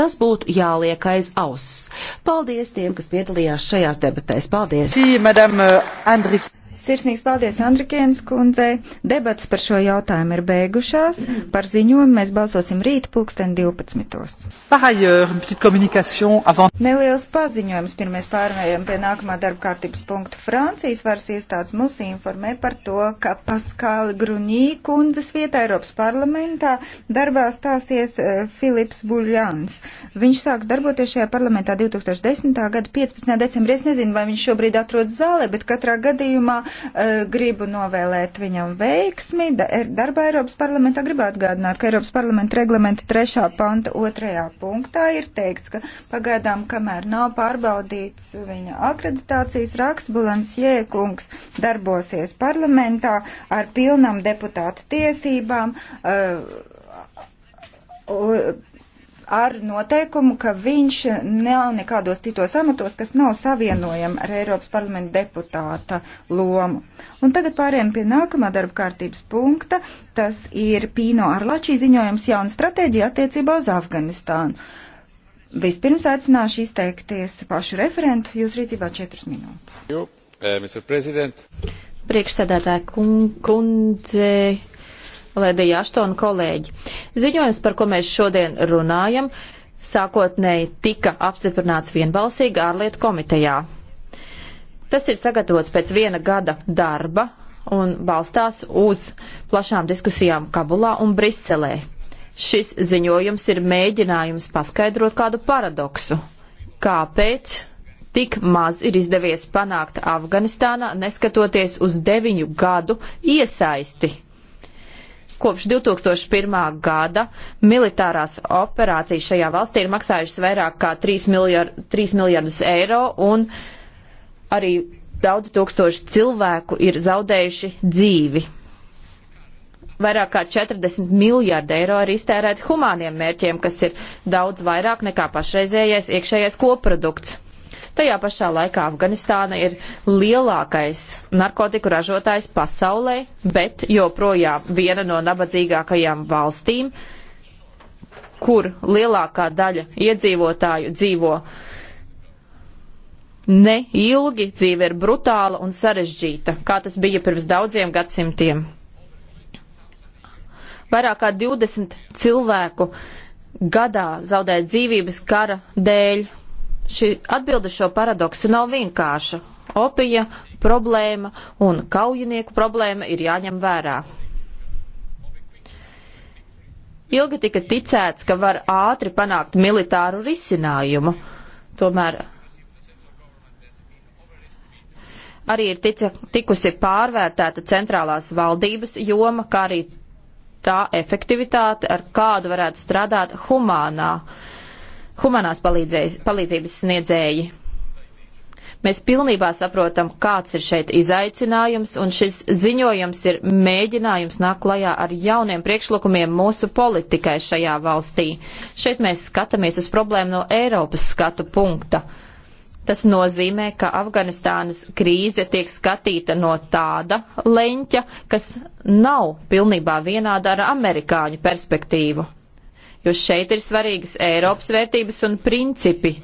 Tas būtu jāliek aiz auss. Paldies tiem, kas piedalījās šajās debatēs. Paldies! Sí, madame, uh, Sirsnīgs paldies Andrikienas kundzei. Debats par šo jautājumu ir beigušās. Par ziņojumu mēs balsosim rīt pulksten 12. Avant... Neliels paziņojums. Pirmais pārējām pie nākamā darba kārtības punkta. Francijas varas iestādes mūs informē par to, ka Paskāla Grunī kundzes vietā Eiropas parlamentā darbā stāsies uh, Filips Buļjans. Viņš sāks darboties šajā parlamentā 2010. gada 15. decembrī. Es nezinu, vai viņš šobrīd atrodas zālē, bet katrā gadījumā Eh, gribu novēlēt viņam veiksmi er, darbā Eiropas parlamentā. Gribu atgādināt, ka Eiropas parlamenta reglamenta trešā panta otrajā punktā ir teikts, ka pagaidām, kamēr nav pārbaudīts viņa akreditācijas raksts, Bulans Jēkungs darbosies parlamentā ar pilnam deputāta tiesībām. Uh, uh, ar noteikumu, ka viņš nav nekādos citos amatos, kas nav savienojama ar Eiropas parlamenta deputāta lomu. Un tagad pārējām pie nākamā darba kārtības punkta. Tas ir Pīno Arlačī ziņojums jauna stratēģija attiecībā uz Afganistānu. Vispirms aicināšu izteikties pašu referentu. Jūs rīcībā četras minūtes. Jū, uh, Mr. President. Priekšsēdētāja kundze, Ledija Aštona kolēģi. Ziņojums, par ko mēs šodien runājam, sākotnēji tika apstiprināts vienbalsīgi ārlietu komitejā. Tas ir sagatavots pēc viena gada darba un balstās uz plašām diskusijām Kabulā un Briselē. Šis ziņojums ir mēģinājums paskaidrot kādu paradoksu. Kāpēc tik maz ir izdevies panākt Afganistānā, neskatoties uz deviņu gadu iesaisti Kopš 2001. gada militārās operācijas šajā valstī ir maksājušas vairāk kā 3, miljard, 3 miljardus eiro un arī daudz tūkstoši cilvēku ir zaudējuši dzīvi. Vairāk kā 40 miljārdi eiro ir iztērēti humāniem mērķiem, kas ir daudz vairāk nekā pašreizējais iekšējais koprodukts. Tajā pašā laikā Afganistāna ir lielākais narkotiku ražotājs pasaulē, bet joprojām viena no nabadzīgākajām valstīm, kur lielākā daļa iedzīvotāju dzīvo neilgi, dzīve ir brutāla un sarežģīta, kā tas bija pirms daudziem gadsimtiem. Vairāk kā 20 cilvēku gadā zaudēja dzīvības kara dēļ, Šī atbilde šo paradoksu nav vienkārša. Opija problēma un kaujinieku problēma ir jāņem vērā. Ilgi tika ticēts, ka var ātri panākt militāru risinājumu, tomēr arī ir tica, tikusi pārvērtēta centrālās valdības joma, kā arī tā efektivitāte, ar kādu varētu strādāt humānā uh, humanās palīdzības sniedzēji. Mēs pilnībā saprotam, kāds ir šeit izaicinājums, un šis ziņojums ir mēģinājums nāk klajā ar jauniem priekšlikumiem mūsu politikai šajā valstī. Šeit mēs skatāmies uz problēmu no Eiropas skatu punkta. Tas nozīmē, ka Afganistānas krīze tiek skatīta no tāda leņķa, kas nav pilnībā vienāda ar amerikāņu perspektīvu jo šeit ir svarīgas Eiropas vērtības un principi,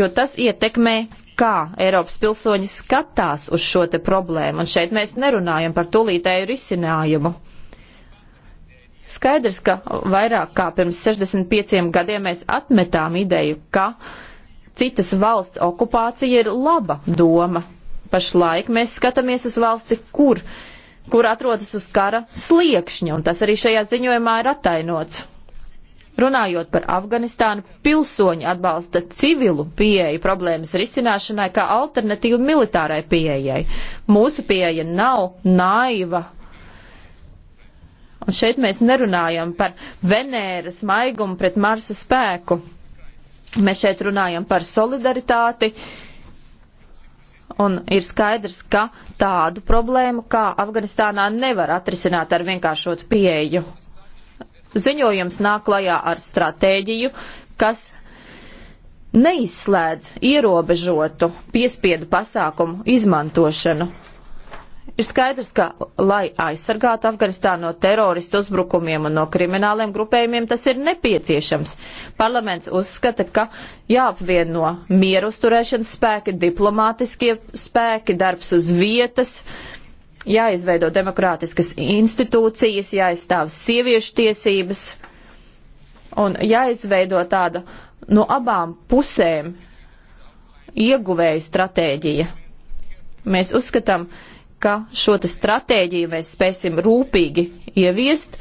jo tas ietekmē kā Eiropas pilsoņi skatās uz šo te problēmu, un šeit mēs nerunājam par tūlītēju risinājumu. Skaidrs, ka vairāk kā pirms 65 gadiem mēs atmetām ideju, ka citas valsts okupācija ir laba doma. Pašlaik mēs skatāmies uz valsti, kur kur atrodas uz kara sliekšņa, un tas arī šajā ziņojumā ir attainots. Runājot par Afganistānu, pilsoņi atbalsta civilu pieeju problēmas risināšanai kā alternatīvu militārai pieejai. Mūsu pieeja nav naiva. Un šeit mēs nerunājam par Venēras maigumu pret Marsa spēku. Mēs šeit runājam par solidaritāti, uh, Un ir skaidrs, ka tādu problēmu kā Afganistānā nevar atrisināt ar vienkāršotu pieeju. Ziņojums nāk klajā ar stratēģiju, kas neizslēdz ierobežotu piespiedu pasākumu izmantošanu. Ir skaidrs, ka, lai aizsargātu Afganistānu no teroristu uzbrukumiem un no krimināliem grupējumiem, tas ir nepieciešams. Parlaments uzskata, ka jāapvieno mieru uzturēšanas spēki, diplomātiskie spēki, darbs uz vietas, jāizveido demokrātiskas institūcijas, jāizstāv sieviešu tiesības un jāizveido tāda no abām pusēm ieguvēju stratēģija. Mēs uzskatām, ka ka šo stratēģiju mēs spēsim rūpīgi ieviest,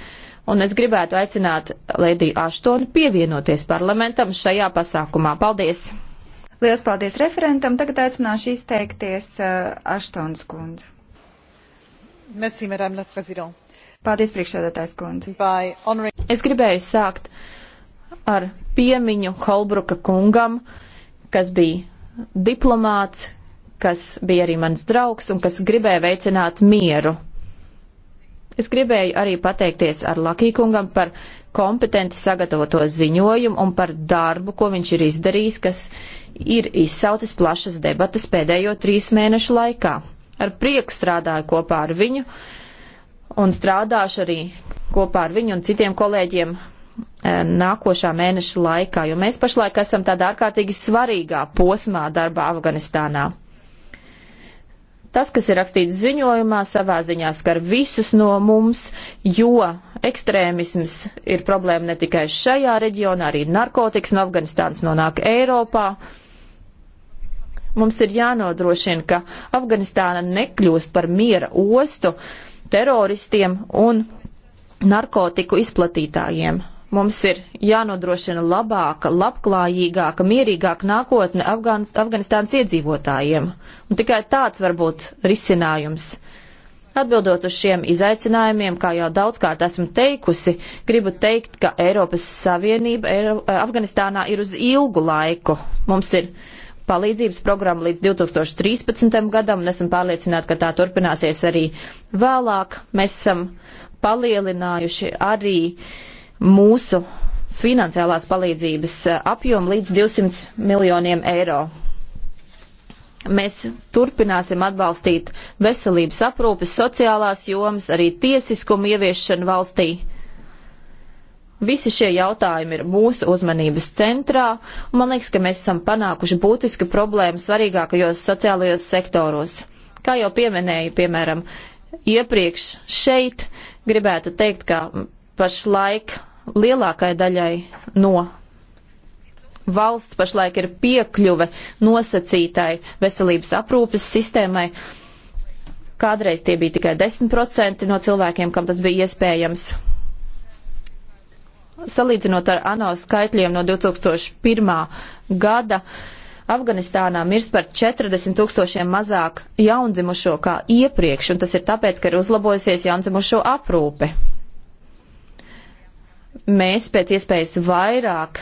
un es gribētu aicināt Lēdiju Aštonu pievienoties parlamentam šajā pasākumā. Paldies! Lielas paldies referentam. Tagad aicināšu izteikties uh, Aštons kundzi. Merci, madame la présidente. Paldies, priekšsēdētājs kundzi. Honoring... Es gribēju sākt ar piemiņu Holbruka kungam, kas bija diplomāts, kas bija arī mans draugs un kas gribēja veicināt mieru. Es gribēju arī pateikties ar Lakīkungam par kompetenti sagatavoto ziņojumu un par darbu, ko viņš ir izdarījis, kas ir izsautis plašas debatas pēdējo trīs mēnešu laikā. Ar prieku strādāju kopā ar viņu un strādāšu arī kopā ar viņu un citiem kolēģiem eh, nākošā mēneša laikā, jo mēs pašlaik esam tādā ārkārtīgi svarīgā posmā darbā Afganistānā. Tas, kas ir rakstīts ziņojumā, savā ziņā skar visus no mums, jo ekstrēmisms ir problēma ne tikai šajā reģionā, arī narkotikas no Afganistānas nonāk Eiropā. Mums ir jānodrošina, ka Afganistāna nekļūst par miera ostu teroristiem un narkotiku izplatītājiem. Mums ir jānodrošina labāka, labklājīgāka, mierīgāka nākotne Afgāns, Afganistānas iedzīvotājiem. Un tikai tāds var būt risinājums. Atbildot uz šiem izaicinājumiem, kā jau daudzkārt esmu teikusi, gribu teikt, ka Eiropas Savienība Eiro, eh, Afganistānā ir uz ilgu laiku. Mums ir palīdzības programma līdz 2013. gadam, un esam pārliecināti, ka tā turpināsies arī vēlāk. Mēs esam palielinājuši arī uh, mūsu finansiālās palīdzības eh, apjomu līdz 200 miljoniem eiro. Mēs turpināsim atbalstīt veselības aprūpes, sociālās jomas, arī tiesiskumu ieviešanu valstī. Visi šie jautājumi ir mūsu uzmanības centrā, un man liekas, ka mēs esam panākuši būtiski problēmu svarīgākajos sociālajos sektoros. Kā jau pieminēju, piemēram, iepriekš šeit gribētu teikt, ka pašlaik lielākai daļai no valsts pašlaik ir piekļuve nosacītai veselības aprūpes sistēmai. Kādreiz tie bija tikai 10% no cilvēkiem, kam tas bija iespējams. Salīdzinot ar ANO skaitļiem no 2001. gada, Afganistānā mirs par 40 tūkstošiem mazāk jaundzimušo kā iepriekš, un tas ir tāpēc, ka ir uzlabojusies jaundzimušo aprūpe mēs pēc iespējas vairāk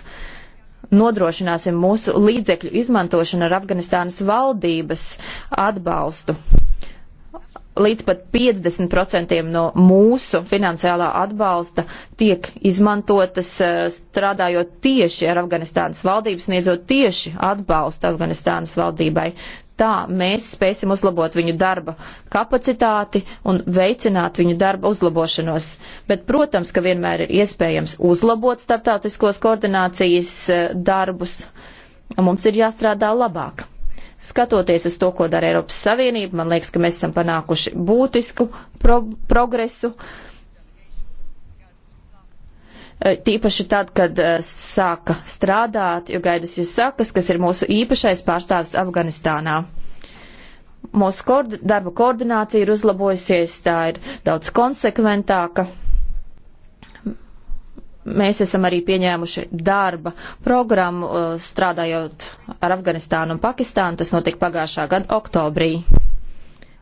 nodrošināsim mūsu līdzekļu izmantošanu ar Afganistānas valdības atbalstu. Līdz pat 50% no mūsu finansiālā atbalsta tiek izmantotas eh, strādājot tieši ar Afganistānas valdību, sniedzot tieši atbalstu Afganistānas valdībai. Tā mēs spēsim uzlabot viņu darba kapacitāti un veicināt viņu darba uzlabošanos. Bet, protams, ka vienmēr ir iespējams uzlabot starptautiskos koordinācijas eh, darbus, un mums ir jāstrādā labāk. Skatoties uz to, ko dara Eiropas Savienība, man liekas, ka mēs esam panākuši būtisku pro progresu. Uh, Eh, tīpaši tad, kad eh, sāka strādāt, jo gaidas jūs sakas, kas ir mūsu īpašais pārstāvis Afganistānā. Mūsu koord darba koordinācija ir uzlabojusies, tā ir daudz konsekventāka. Mēs esam arī pieņēmuši darba programmu eh, strādājot ar Afganistānu un Pakistānu. Tas notika pagājušā gada oktobrī.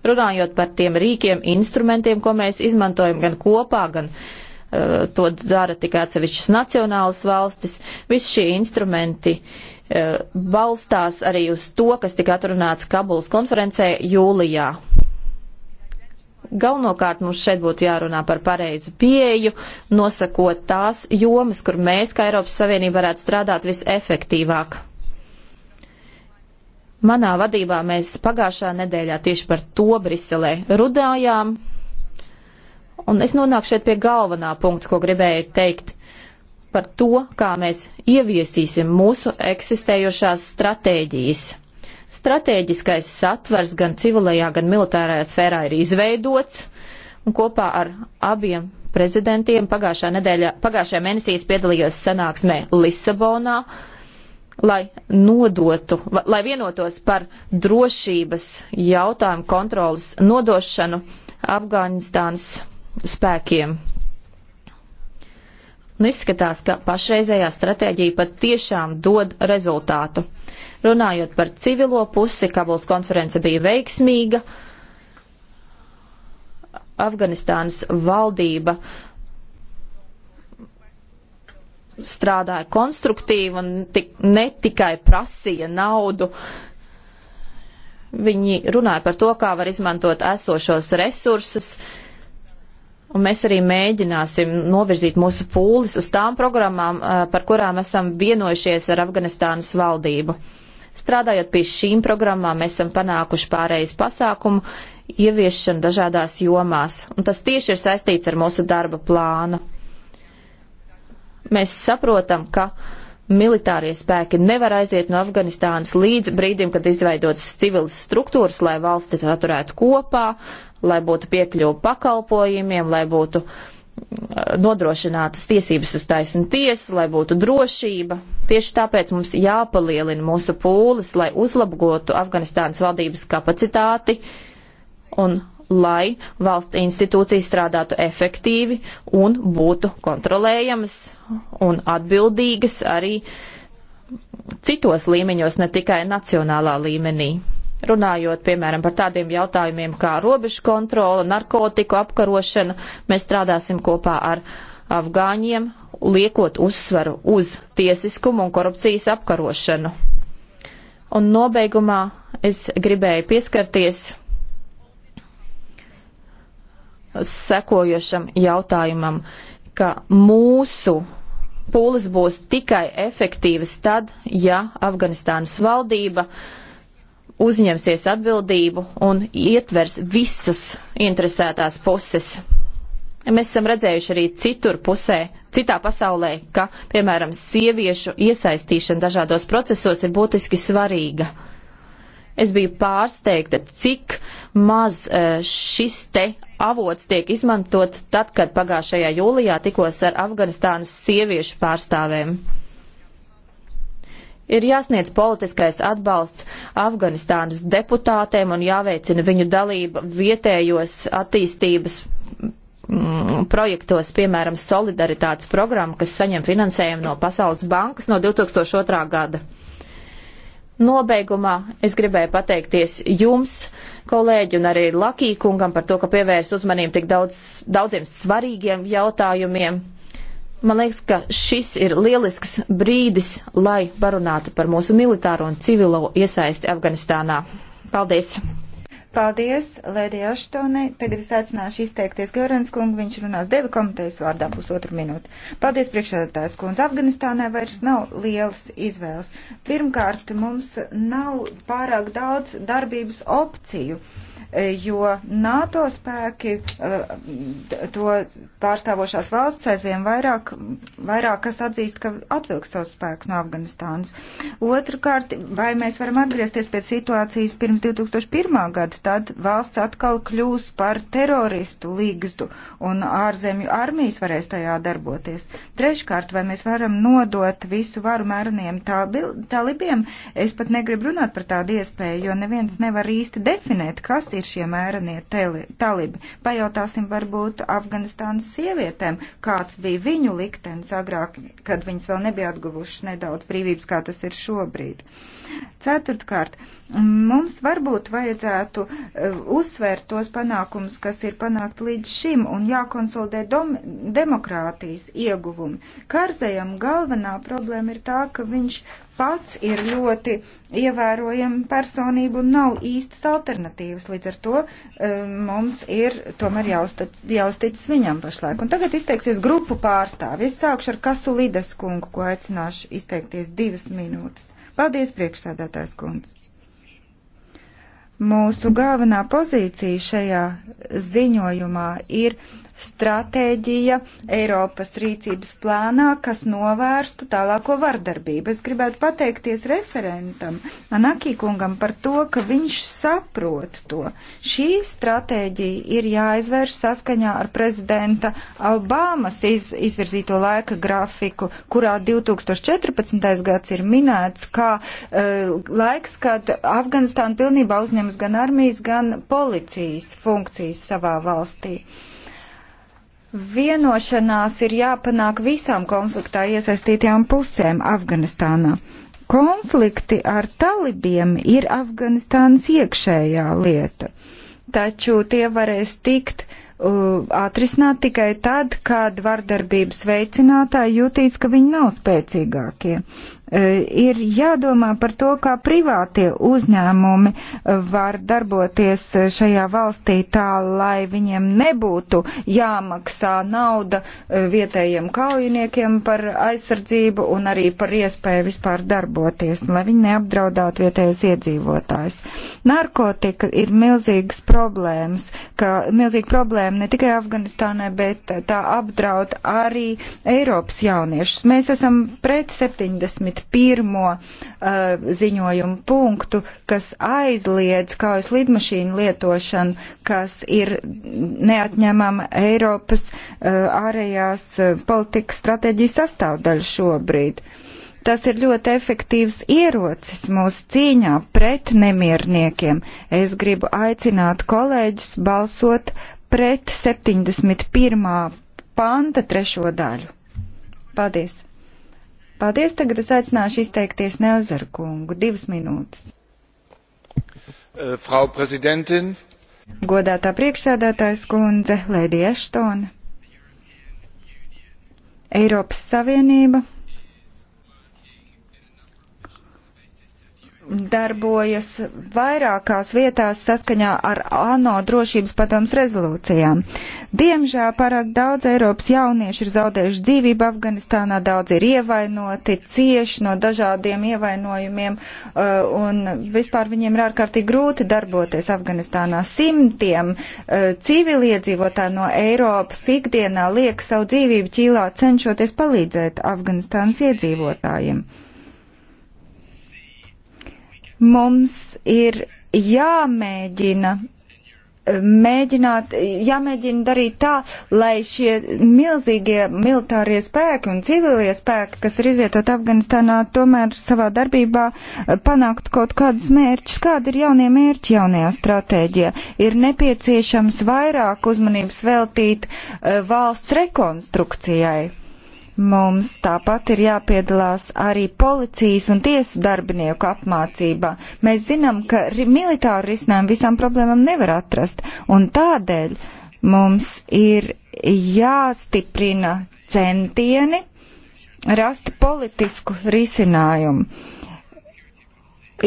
Runājot par tiem rīkiem, instrumentiem, ko mēs izmantojam gan kopā, gan uh, Eh, to dara tikai atsevišķas nacionālas valstis. Visi šie instrumenti eh, balstās arī uz to, kas tika atrunāts Kabulas konferencē jūlijā. Galvenokārt mums šeit būtu jārunā par pareizu pieeju, nosakot tās jomas, kur mēs, kā Eiropas Savienība, varētu strādāt visefektīvāk. Manā vadībā mēs pagājušā nedēļā tieši par to Briselē rudājām, Un es nonāku šeit pie galvenā punkta, ko gribēju teikt par to, kā mēs ieviesīsim mūsu eksistējošās stratēģijas. Stratēģiskais satvers gan civilajā, gan militārajā sfērā ir izveidots, un kopā ar abiem prezidentiem pagājušā, nedēļa, pagājušajā mēnesī es piedalījos sanāksmē Lisabonā, lai nodotu, lai vienotos par drošības jautājumu kontrolas nodošanu Afganistānas spēkiem. Un nu, izskatās, ka pašreizējā stratēģija pat tiešām dod rezultātu. Runājot par civilo pusi, Kabuls konference bija veiksmīga. Afganistānas valdība strādāja konstruktīvi un tik, ne tikai prasīja naudu. Viņi runāja par to, kā var izmantot esošos resursus, uh, Un mēs arī mēģināsim novirzīt mūsu pūlis uz tām programmām, par kurām esam vienojušies ar Afganistānas valdību. Strādājot pie šīm programmām, mēs esam panākuši pārējais pasākumu ieviešanu dažādās jomās, un tas tieši ir saistīts ar mūsu darba plānu. Mēs saprotam, ka militārie spēki nevar aiziet no Afganistānas līdz brīdim, kad izveidotas civilas struktūras, lai valsti saturētu kopā, lai būtu piekļuva pakalpojumiem, lai būtu mm, nodrošinātas tiesības uz taisnu tiesu, lai būtu drošība. Tieši tāpēc mums jāpalielina mūsu pūles, lai uzlabotu Afganistānas valdības kapacitāti un lai valsts institūcijas strādātu efektīvi un būtu kontrolējamas un atbildīgas arī citos līmeņos, ne tikai nacionālā līmenī runājot, piemēram, par tādiem jautājumiem kā robežu kontrola, narkotiku apkarošana, mēs strādāsim kopā ar afgāņiem, liekot uzsvaru uz tiesiskumu un korupcijas apkarošanu. Un nobeigumā es gribēju pieskarties sekojošam jautājumam, ka mūsu pūles būs tikai efektīvas tad, ja Afganistānas valdība uh, uzņemsies atbildību un ietvers visas interesētās puses. Mēs esam redzējuši arī citur pusē, citā pasaulē, ka, piemēram, sieviešu iesaistīšana dažādos procesos ir būtiski svarīga. Es biju pārsteigta, cik maz eh, šis te avots tiek izmantot tad, kad pagājušajā jūlijā tikos ar Afganistānas sieviešu pārstāvēm. Ir jāsniedz politiskais atbalsts Afganistānas deputātiem un jāveicina viņu dalība vietējos attīstības mm, projektos, piemēram, solidaritātes programma, kas saņem finansējumu no Pasaules bankas no 2002. gada. Nobeigumā es gribēju pateikties jums, kolēģi, un arī Lakī kungam par to, ka pievērs uzmanību tik daudz, daudziem svarīgiem jautājumiem. Man liekas, ka šis ir lielisks brīdis, lai parunātu par mūsu militāro un civilo iesaisti Afganistānā. Paldies! Paldies, Lēdija Aštone. Tagad es aicināšu izteikties Gorans kungu, viņš runās deva komitejas vārdā pusotru minūti. Paldies, priekšsēdētājs kundze. Afganistānai vairs nav lielas izvēles. Pirmkārt, mums nav pārāk daudz darbības opciju. Uh, jo NATO spēki eh, to pārstāvošās valsts aizvien vairāk, vairāk kas atzīst, ka atvilks savus spēkus no Afganistānas. Otrakārt, vai mēs varam atgriezties pie situācijas pirms 2001. gada, tad valsts atkal kļūs par teroristu līgzdu un ārzemju armijas varēs tajā darboties. Treškārt, vai mēs varam nodot visu varu mēreniem talibiem? Es pat negribu runāt par tādu iespēju, jo neviens nevar īsti definēt, kas ir ir šie mērenie teli, talibi. Pajautāsim varbūt Afganistānas sievietēm, kāds bija viņu liktenis agrāk, kad viņas vēl nebija atguvušas nedaudz brīvības, kā tas ir šobrīd. Ceturtkārt, uh, Mums varbūt vajadzētu e, uzsvērt tos panākumus, kas ir panākt līdz šim, un jākonsolidē dom, demokrātijas ieguvumi. Karzējam galvenā problēma ir tā, ka viņš pats ir ļoti ievērojama personība un nav īstas alternatīvas. Līdz ar to e, mums ir tomēr jāuztic viņam pašlaik. Un tagad izteiksies grupu pārstāvis. Es sākšu ar Kasu Lides kungu, ko aicināšu izteikties divas minūtes. Paldies, priekšsēdētājs kundze! Mūsu galvenā pozīcija šajā ziņojumā ir stratēģija Eiropas rīcības plānā, kas novērstu tālāko vardarbību. Es gribētu pateikties referentam Anakī kungam par to, ka viņš saprot to. Šī stratēģija ir jāizvērš saskaņā ar prezidenta Obamas iz, izvirzīto laika grafiku, kurā 2014. gads ir minēts kā uh, laiks, kad Afganistāna pilnībā uzņemas gan armijas, gan policijas funkcijas savā valstī. Uh, Vienošanās ir jāpanāk visām konfliktā iesaistītajām pusēm Afganistānā. Konflikti ar talibiem ir Afganistānas iekšējā lieta, taču tie varēs tikt uh, atrisināt tikai tad, kad vardarbības veicinātāji jutīs, ka viņi nav spēcīgākie. E, ir jādomā par to, kā privātie uzņēmumi var darboties šajā valstī tā, lai viņiem nebūtu jāmaksā nauda e, vietējiem kaujiniekiem par aizsardzību un arī par iespēju vispār darboties, lai viņi neapdraudātu vietējos iedzīvotājus. Narkotika ir milzīgas problēmas, ka milzīga problēma ne tikai Afganistānai, bet tā apdraud arī Eiropas jauniešus. Mēs esam pret 70 pret pirmo uh, ziņojumu punktu, kas aizliedz kaujas lidmašīnu lietošanu, kas ir neatņemama Eiropas uh, ārējās uh, politikas stratēģijas sastāvdaļa šobrīd. Tas ir ļoti efektīvs ierocis mūsu cīņā pret nemierniekiem. Es gribu aicināt kolēģus balsot pret 71. panta trešo daļu. Paldies! Paldies, tagad es aicināšu izteikties Neuzaru kungu. Divas minūtes. Uh, Frau prezidentin. Godātā priekšsēdētājs kundze, Lēdija Eštona. Eiropas Savienība darbojas vairākās vietās saskaņā ar ANO drošības padomus rezolūcijām. Diemžēl pārāk daudz Eiropas jauniešu ir zaudējuši dzīvību Afganistānā, daudz ir ievainoti, cieši no dažādiem ievainojumiem uh, un vispār viņiem ir ārkārtīgi grūti darboties Afganistānā. Simtiem uh, civiliedzīvotāji no Eiropas ikdienā liek savu dzīvību ķīlā cenšoties palīdzēt Afganistānas iedzīvotājiem. Thank you Mums ir jāmēģina eh, mēģināt, jāmēģina darīt tā, lai šie milzīgie militārie spēki un civilie spēki, kas ir izvietot Afganistānā, tomēr savā darbībā eh, panāktu kaut kādus mērķus. Kāda ir jaunie mērķi jaunajā stratēģijā? Ir nepieciešams vairāk uzmanības veltīt eh, valsts rekonstrukcijai. Mums tāpat ir jāpiedalās arī policijas un tiesu darbinieku apmācībā. Mēs zinām, ka ri militāru risinājumu visām problēmām nevar atrast, un tādēļ mums ir jāstiprina centieni rast politisku risinājumu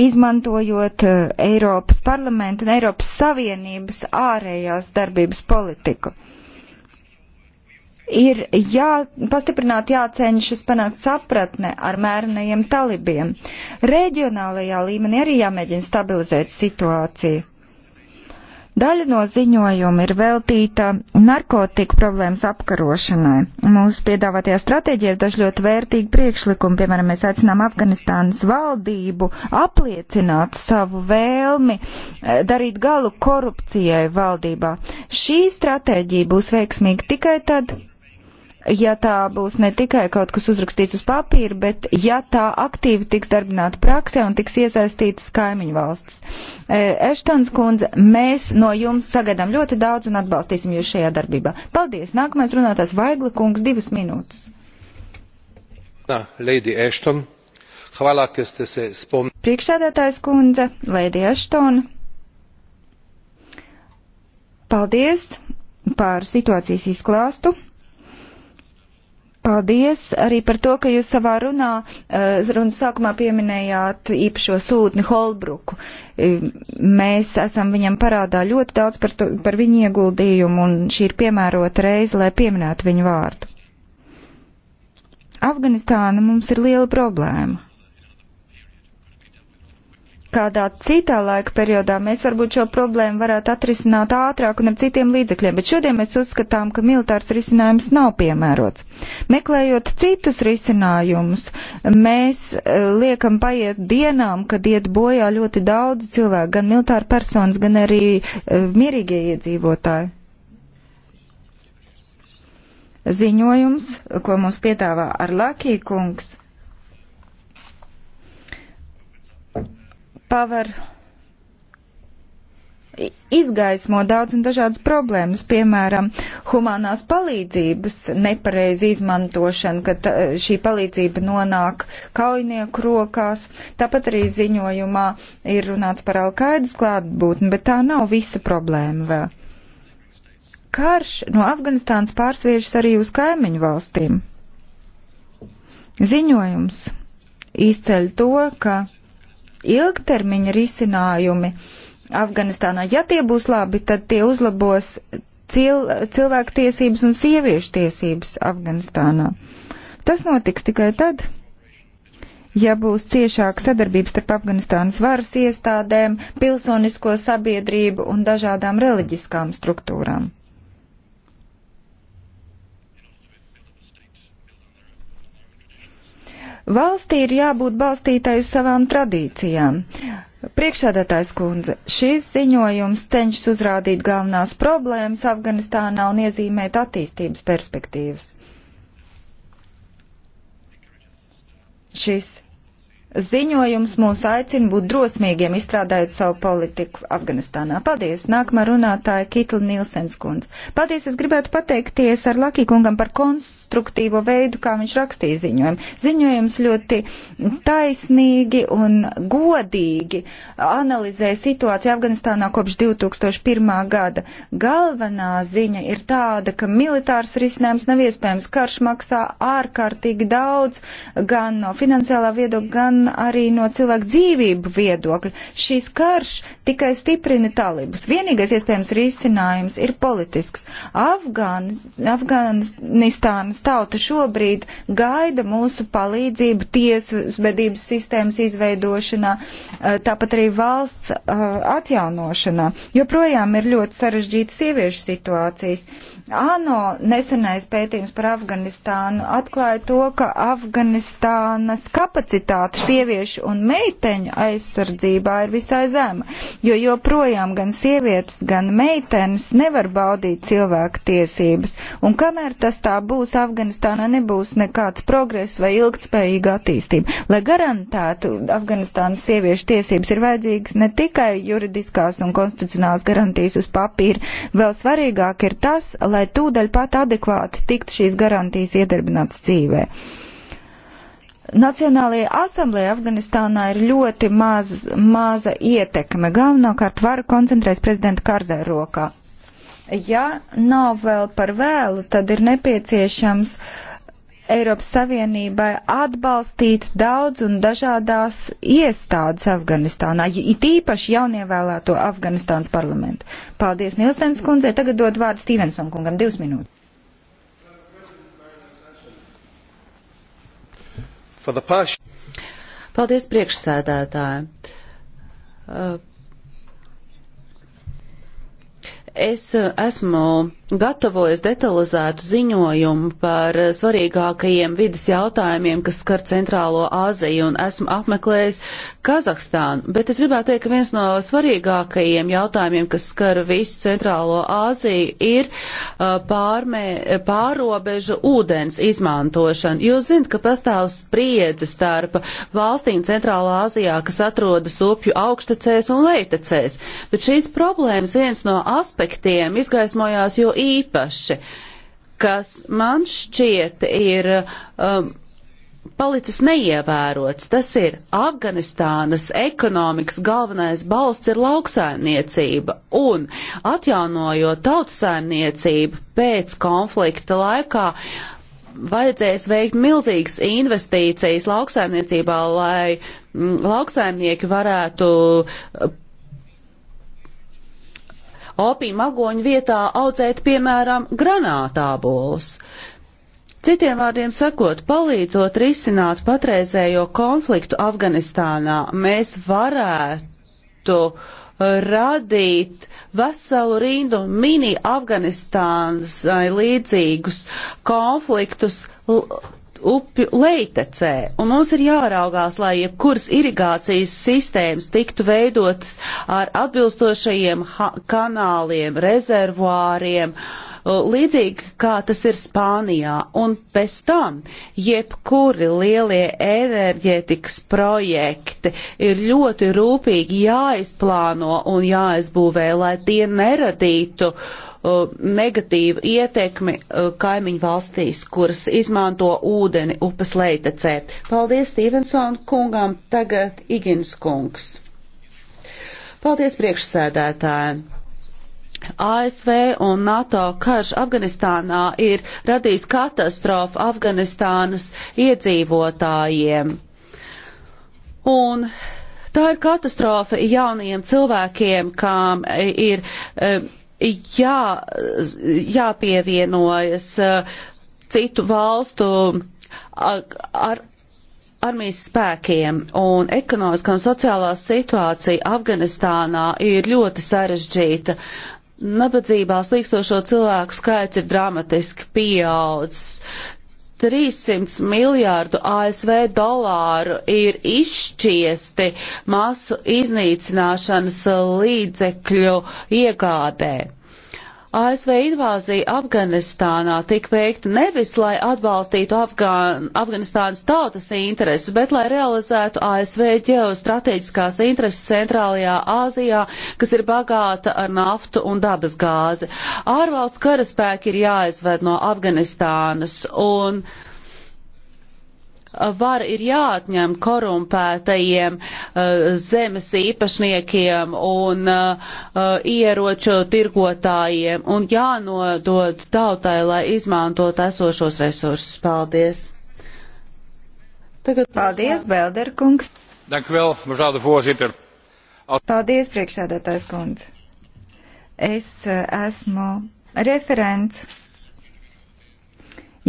izmantojot eh, Eiropas parlamentu un Eiropas Savienības ārējās darbības politiku ir jā, pastiprināt jācenšas panākt sapratne ar mērenajiem talibiem. Reģionālajā līmenī arī jāmēģina stabilizēt situāciju. Daļa no ziņojuma ir veltīta narkotiku problēmas apkarošanai. Mūsu piedāvātajā stratēģijā ir daži ļoti vērtīgi priekšlikumi. Piemēram, mēs aicinām Afganistānas valdību apliecināt savu vēlmi eh, darīt galu korupcijai valdībā. Šī stratēģija būs veiksmīga tikai tad, ja tā būs ne tikai kaut kas uzrakstīts uz papīra, bet ja tā aktīvi tiks darbināta praksē un tiks iesaistītas kaimiņu valsts. E, Eštons kundze, mēs no jums sagaidām ļoti daudz un atbalstīsim jūs šajā darbībā. Paldies! Nākamais runātājs Vaigla kungs, divas minūtes. Nā, Lady Ashton, hvala, ka ste se spomnili. Priekšsēdētājs kundze, Lady Ashton. Paldies par situācijas izklāstu. Paldies arī par to, ka jūs savā runā, eh, runas sākumā pieminējāt īpašo sūtni Holbruku. Eh, mēs esam viņam parādā ļoti daudz par, to, par viņu ieguldījumu, un šī ir piemērota reize, lai pieminētu viņu vārdu. Afganistāna mums ir liela problēma kādā citā laika periodā mēs varbūt šo problēmu varētu atrisināt ātrāk un ar citiem līdzekļiem, bet šodien mēs uzskatām, ka militārs risinājums nav piemērots. Meklējot citus risinājumus, mēs eh, liekam paiet dienām, kad iet bojā ļoti daudz cilvēku, gan militāri personas, gan arī eh, mierīgie iedzīvotāji ziņojums, ko mums piedāvā Arlakī kungs, paver izgaismo daudz un dažādas problēmas, piemēram, humanās palīdzības nepareizi izmantošana, kad šī palīdzība nonāk kaujinieku rokās. Tāpat arī ziņojumā ir runāts par Alkaidas klātbūtni, bet tā nav visa problēma vēl. Karš no Afganistānas pārsviežas arī uz kaimiņu valstīm. Ziņojums izceļ to, ka ilgtermiņa risinājumi Afganistānā, ja tie būs labi, tad tie uzlabos cil, cilvēku tiesības un sieviešu tiesības Afganistānā. Tas notiks tikai tad, ja būs ciešāka sadarbība starp Afganistānas varas iestādēm, pilsonisko sabiedrību un dažādām reliģiskām struktūrām. Valstī ir jābūt balstītai uz savām tradīcijām. Priekšsēdētājs kundze, šis ziņojums cenšas uzrādīt galvenās problēmas Afganistānā un iezīmēt attīstības perspektīvas. Šis ziņojums mūs aicina būt drosmīgiem, izstrādājot savu politiku Afganistānā. Paldies! Nākamā runātāja Kitla Nilsens kundze. Paldies! Es gribētu pateikties ar Lakī kungam par konsultāciju konstruktīvo veidu, kā viņš rakstīja ziņojumu. Ziņojums ļoti taisnīgi un godīgi analizē situāciju Afganistānā kopš 2001. gada. Galvenā ziņa ir tāda, ka militārs risinājums nav iespējams. Karš maksā ārkārtīgi daudz gan no finansiālā viedokļa, gan arī no cilvēku dzīvību viedokļa. Šis karš tikai stiprina talibus. Vienīgais iespējams risinājums ir politisks. Afgānis, Afganistānas tauta šobrīd gaida mūsu palīdzību tiesvedības sistēmas izveidošanā, eh, tāpat arī valsts eh, atjaunošanā. Joprojām ir ļoti sarežģīta sieviešu situācijas. ANO nesenais pētījums par Afganistānu atklāja to, ka Afganistānas kapacitāte sieviešu un meiteņu aizsardzībā ir visai zema, jo joprojām gan sievietes, gan meitenes nevar baudīt cilvēku tiesības. Un kamēr tas tā būs, Afganistānā nebūs nekāds progress vai ilgtspējīga attīstība. Lai garantētu Afganistānas sieviešu tiesības, ir vajadzīgas ne tikai juridiskās un konstitucionālās garantijas uz papīra, vēl svarīgāk ir tas, lai tūdaļ pat adekvāti tiktu šīs garantijas iedarbināts dzīvē. Nacionālajai asamblējai Afganistānā ir ļoti maz, maza ietekme. Galvenokārt varu koncentrēs prezidenta Karzai rokā. Ja nav vēl par vēlu, tad ir nepieciešams Eiropas Savienībai atbalstīt daudz un dažādās iestādes Afganistānā, it īpaši jaunievēlēto Afganistānas parlamentu. Paldies Nilsens kundzei, tagad dod vārdu Stevenson kungam, divas minūtes. Paldies priekšsēdētāji. Uh, Es eh, esmu gatavojas detalizētu ziņojumu par eh, svarīgākajiem vidas jautājumiem, kas skar Centrālo Āziju, un esmu apmeklējis Kazahstānu. Bet es gribētu teikt, ka viens no svarīgākajiem jautājumiem, kas skar visu Centrālo Āziju, ir eh, pārmē, pārobežu ūdens izmantošana. Jūs zinat, ka pastāv spriedze starp valstīm Centrālā Āzijā, kas atrodas upju augštecēs un leitecēs. Bet šīs problēmas viens no aspektiem izgaismojās, jo īpaši, kas man šķiet ir um, palicis neievērots. Tas ir Afganistānas ekonomikas galvenais balsts ir lauksaimniecība, un atjaunojot tautsaimniecību pēc konflikta laikā, vajadzēs veikt milzīgas investīcijas lauksaimniecībā, lai mm, lauksaimnieki varētu opija magoņu vietā audzēt, piemēram, granātābolus. Citiem vārdiem sakot, palīdzot risināt patreizējo konfliktu Afganistānā, mēs varētu radīt veselu rindu mini Afganistānas līdzīgus konfliktus upju leitecē. Un mums ir jāraugās, lai jebkuras irigācijas sistēmas tiktu veidotas ar atbilstošajiem kanāliem, rezervuāriem, līdzīgi kā tas ir Spānijā. Un pēc tam jebkuri lielie enerģētikas projekti ir ļoti rūpīgi jāizplāno un jāizbūvē, lai tie neradītu uh, negatīvu ietekmi kaimiņu valstīs, kuras izmanto ūdeni upes leitecē. Paldies Stevenson kungam, tagad Igins kungs. Paldies priekšsēdētājiem. ASV un NATO karš Afganistānā ir radījis katastrofu Afganistānas iedzīvotājiem. Un tā ir katastrofa jaunajiem cilvēkiem, kam ir. E, jā, jāpievienojas uh, citu valstu uh, ar armijas spēkiem, un ekonomiskā un sociālā situācija Afganistānā ir ļoti sarežģīta. Nabadzībā slīkstošo cilvēku skaits ir dramatiski pieaudzis. 300 miljārdu ASV dolāru ir izšķiesti masu iznīcināšanas līdzekļu iegādē. ASV invāzija Afganistānā tika veikta nevis, lai atbalstītu Afgan Afganistānas tautas intereses, bet lai realizētu ASV ģeostrateģiskās intereses centrālajā Āzijā, kas ir bagāta ar naftu un dabas gāzi. Ārvalstu karaspēki ir jāizved no Afganistānas un. Uh, vara ir jāatņem korumpētajiem zemes īpašniekiem un ieroču tirgotājiem un jānodod tautai, lai izmantot esošos resursus. Paldies! Tagad Paldies, Belderkungs! Dank u wel, mevrouw de voorzitter. Paldies, priekšsēdētājs kundze. Es esmu referents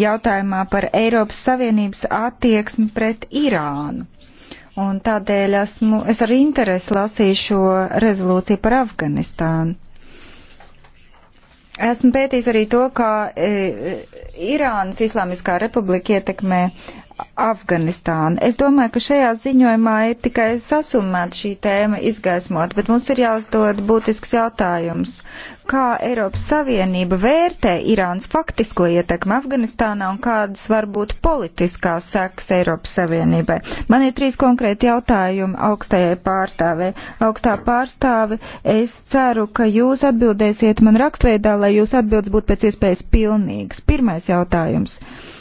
jautājumā par Eiropas Savienības attieksmi pret Irānu. Un tādēļ esmu, es ar interesi lasīju šo rezolūciju par Afganistānu. Esmu pētījis arī to, kā e, Irānas Islamiskā republika ietekmē Afganistānu. Es domāju, ka šajā ziņojumā ir tikai sasummēta šī tēma izgaismot, bet mums ir jāuzdod būtisks jautājums. Kā Eiropas Savienība vērtē Irānas faktisko ietekmi Afganistānā un kādas var būt politiskās sekas Eiropas Savienībai? Man ir trīs konkrēti jautājumi augstajai pārstāvē. Augstā pārstāve, es ceru, ka jūs atbildēsiet man rakstveidā, lai jūs atbildes būtu pēc iespējas pilnīgas. Pirmais jautājums. Jautājums.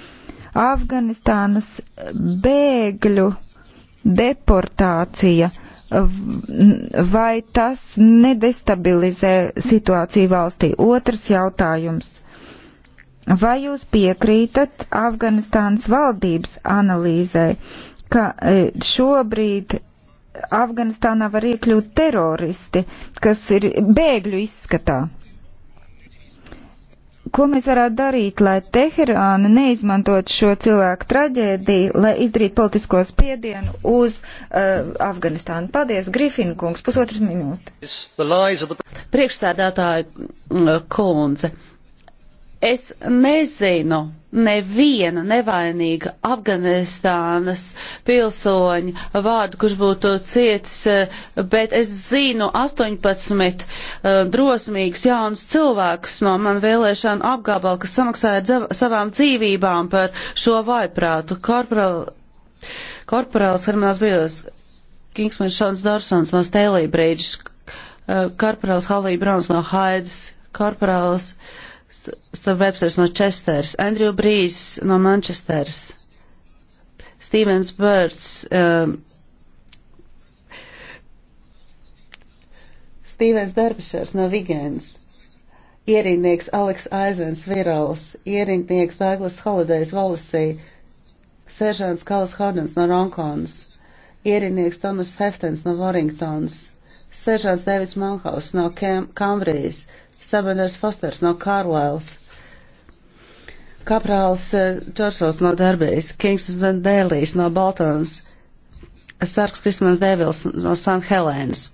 Afganistānas bēgļu deportācija vai tas nedestabilizē situāciju valstī? Otrs jautājums. Vai jūs piekrītat Afganistānas valdības analīzē, ka e, šobrīd Afganistānā var iekļūt teroristi, kas ir bēgļu izskatā? Ko mēs varētu darīt, lai Teherāna neizmantot šo cilvēku traģēdiju, lai izdarītu politisko spiedienu uz uh, Afganistānu? Paldies, Grifina kungs, pusotras minūtes. Priekšsēdētāja mm, kundze. Uh, Es nezinu neviena nevainīga Afganistānas pilsoņa vārdu, kurš būtu cietis, eh, bet es zinu 18 eh, drosmīgus jaunus cilvēkus no man vēlēšana apgabala, kas samaksāja savām dzīvībām par šo vaiprātu. Korporal, korporāls Hermās Bīles, Kingsmans Šons Dorsons no Stēlī Brīdžs, eh, korporāls Halvī Brons no Haidzes, korporāls. Uh, Websters no Česters, Andrew Brīs no Manchesters, Stevens Birds, um, Stīvens Derbišers no Vigēnas, ierindnieks Aleks Aizvens Virals, ierindnieks Dāglas Holidejs Valasī, seržants Kalas Hordens no Ronkons, ierindnieks Tomas Heftens no Warringtons, seržants Devids Manhaus no Kam Kambrijas, Cam Sabaners Fosters no Kārlēls. Kaprāls Čorsovs eh, no Darbijas, Kings Van Dēlīs no Baltons, Sarks Krismans Devils no San Helēnas.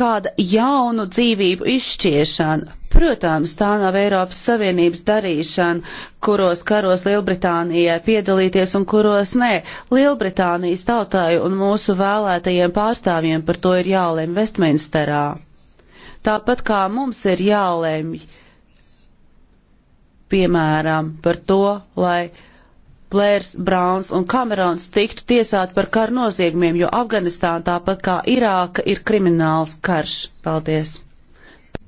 Kāda jaunu dzīvību izšķiešana, protams, tā nav Eiropas Savienības darīšana, kuros karos Lielbritānijai piedalīties un kuros nē. Lielbritānijas tautai un mūsu vēlētajiem pārstāvjiem par to ir jālēm Vestminsterā. Tāpat kā mums ir jālēmj, piemēram, par to, lai Blērs, Brauns un Kamerons tiktu tiesāti par karu noziegumiem, jo Afganistāna tāpat kā Irāka ir krimināls karš. Paldies!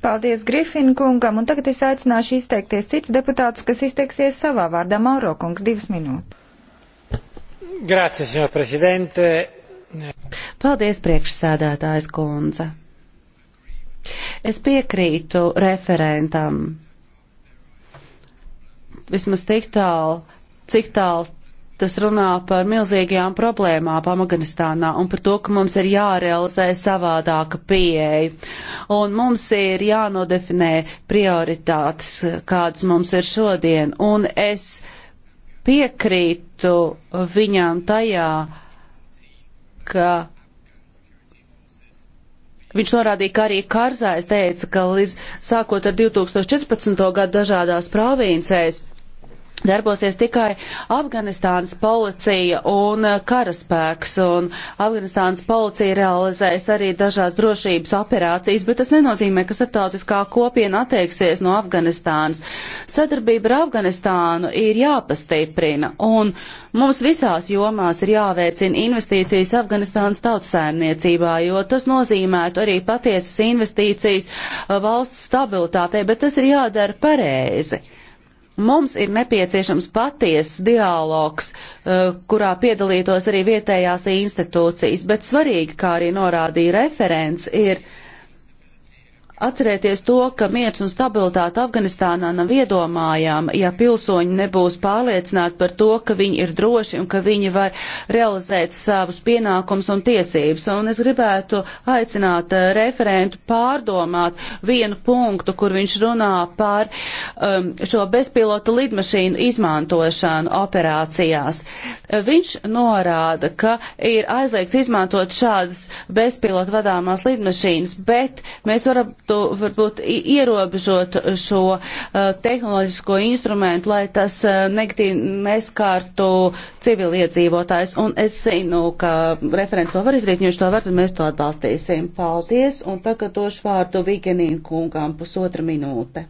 Paldies Grifin kungam, un tagad es aicināšu izteikties cits deputāts, kas izteiksies savā vārdā Mauro kungs divas minūtes. Grācies, jo prezidente. Paldies, priekšsēdētājs kundze. Es piekrītu referentam. Vismaz tik tālu, cik tālu Tas runā par milzīgajām problēmām Afganistānā un par to, ka mums ir jārealizē savādāka pieeja. Un mums ir jānodefinē prioritātes, kādas mums ir šodien. Un es piekrītu viņām tajā, ka Viņš norādīja, ka arī Karzājs teica, ka līdz sākot ar 2014. gadu dažādās provincēs darbosies tikai Afganistānas policija un eh, karaspēks, un Afganistānas policija realizēs arī dažās drošības operācijas, bet tas nenozīmē, ka starptautiskā kopiena atteiksies no Afganistānas. Sadarbība ar Afganistānu ir jāpastiprina, un mums visās jomās ir jāveicina investīcijas Afganistānas tautsēmniecībā, jo tas nozīmētu arī patiesas investīcijas eh, valsts stabilitātei, bet tas ir jādara pareizi. Mums ir nepieciešams patiesas dialogs, eh, kurā piedalītos arī vietējās institūcijas, bet svarīgi, kā arī norādīja referents, ir Atcerieties to, ka miers un stabilitāte Afganistānā nav iedomājama, ja pilsoņi nebūs pārliecināti par to, ka viņi ir droši un ka viņi var realizēt savus pienākums un tiesības. Un es gribētu aicināt eh, referentu pārdomāt vienu punktu, kur viņš runā par um, šo bezpilota lidmašīnu izmantošanu operācijās. Viņš norāda, ka ir aizliegts izmantot šādas bezpilota vadāmās lidmašīnas, bet mēs varam varētu varbūt ierobežot šo uh, tehnoloģisko instrumentu, lai tas uh, negatīvi neskārtu civiliedzīvotājs. Un es zinu, ka referenti to var izrīt, jo viņš to var, tad mēs to atbalstīsim. Paldies, un tagad došu vārdu Vigenīnu kungām pusotra minūte.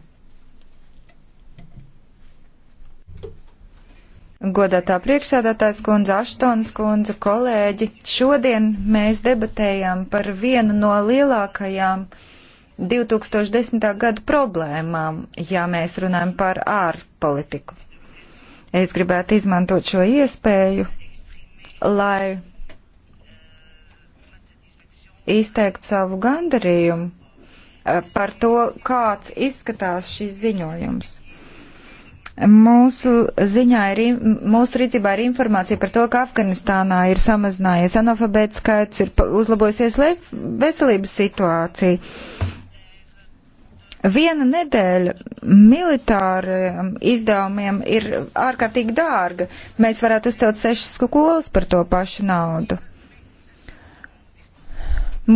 Godātā priekšsādātājs kundze, Aštons kundze, kolēģi, šodien mēs debatējām par vienu no lielākajām uh, 2010. gada problēmām, ja mēs runājam par ārpolitiku. Es gribētu izmantot šo iespēju, lai izteikt savu gandarījumu eh, par to, kāds izskatās šis ziņojums. Mūsu, ziņā ir, mūsu rīcībā ir informācija par to, ka Afganistānā ir samazinājies analfabēta skaits, ir uzlabojusies veselības situācija. Viena nedēļa militāriem izdevumiem ir ārkārtīgi dārga. Mēs varētu uzcelt sešas skolas par to pašu naudu.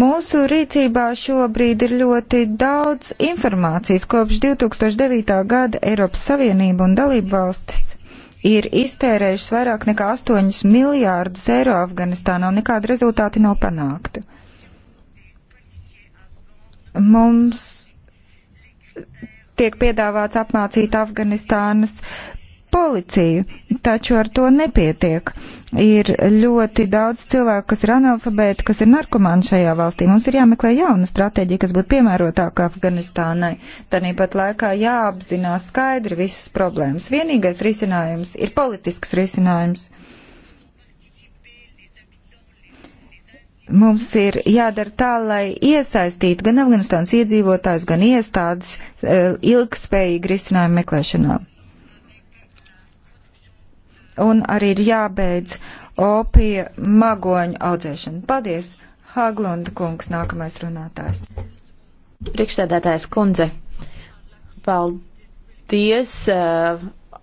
Mūsu rīcībā šobrīd ir ļoti daudz informācijas. Kopš 2009. gada Eiropas Savienība un dalību valstis ir iztērējušas vairāk nekā 8 miljārdus eiro Afganistānā un nekāda rezultāti nav panākta. Mums tiek piedāvāts apmācīt Afganistānas policiju, taču ar to nepietiek. Ir ļoti daudz cilvēku, kas ir analfabēti, kas ir narkomāni šajā valstī. Mums ir jāmeklē jauna stratēģija, kas būtu piemērotāka Afganistānai. Tāpat laikā jāapzinās skaidri visas problēmas. Vienīgais risinājums ir politisks risinājums. Mums ir jādara tā, lai iesaistītu gan Afganistānas iedzīvotājs, gan iestādes e, ilgspējīgi risinājumu meklēšanā. Un arī ir jābeidz opija magoņu audzēšana. Paldies, Haglund kungs, nākamais runātājs. Priekšsēdētājs kundze, paldies uh,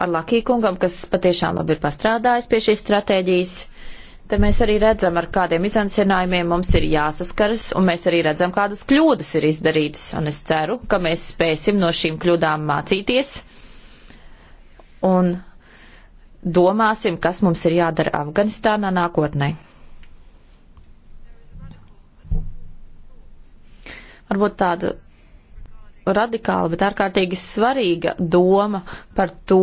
Arlakī kungam, kas patiešām labi ir pastrādājis pie šīs stratēģijas. Uh, Te mēs arī redzam, ar kādiem izansinājumiem mums ir jāsaskaras, un mēs arī redzam, kādas kļūdas ir izdarītas, un es ceru, ka mēs spēsim no šīm kļūdām mācīties, un domāsim, kas mums ir jādara Afganistānā nākotnē. Varbūt tāda radikāla, bet ārkārtīgi svarīga doma par to,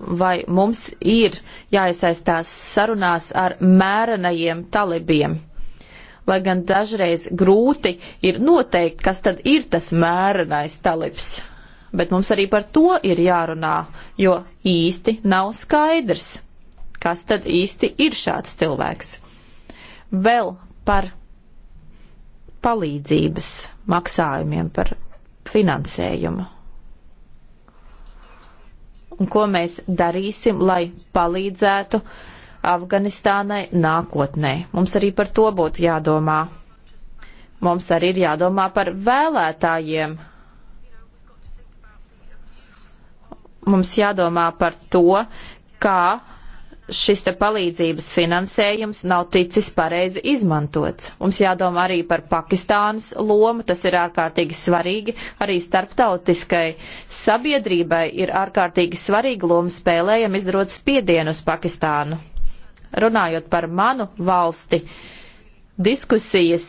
vai mums ir jāiesaistās sarunās ar mērenajiem talibiem. Lai gan dažreiz grūti ir noteikt, kas tad ir tas mērenais talibs. Bet mums arī par to ir jārunā, jo īsti nav skaidrs, kas tad īsti ir šāds cilvēks. Vēl par palīdzības maksājumiem, par finansējumu un ko mēs darīsim, lai palīdzētu Afganistānai nākotnē. Mums arī par to būtu jādomā. Mums arī ir jādomā par vēlētājiem. Mums jādomā par to, kā šis te palīdzības finansējums nav ticis pareizi izmantots. Mums jādomā arī par Pakistānas lomu, tas ir ārkārtīgi svarīgi. Arī starptautiskai sabiedrībai ir ārkārtīgi svarīga loma spēlējam izdarot spiedienu uz Pakistānu. Runājot par manu valsti, diskusijas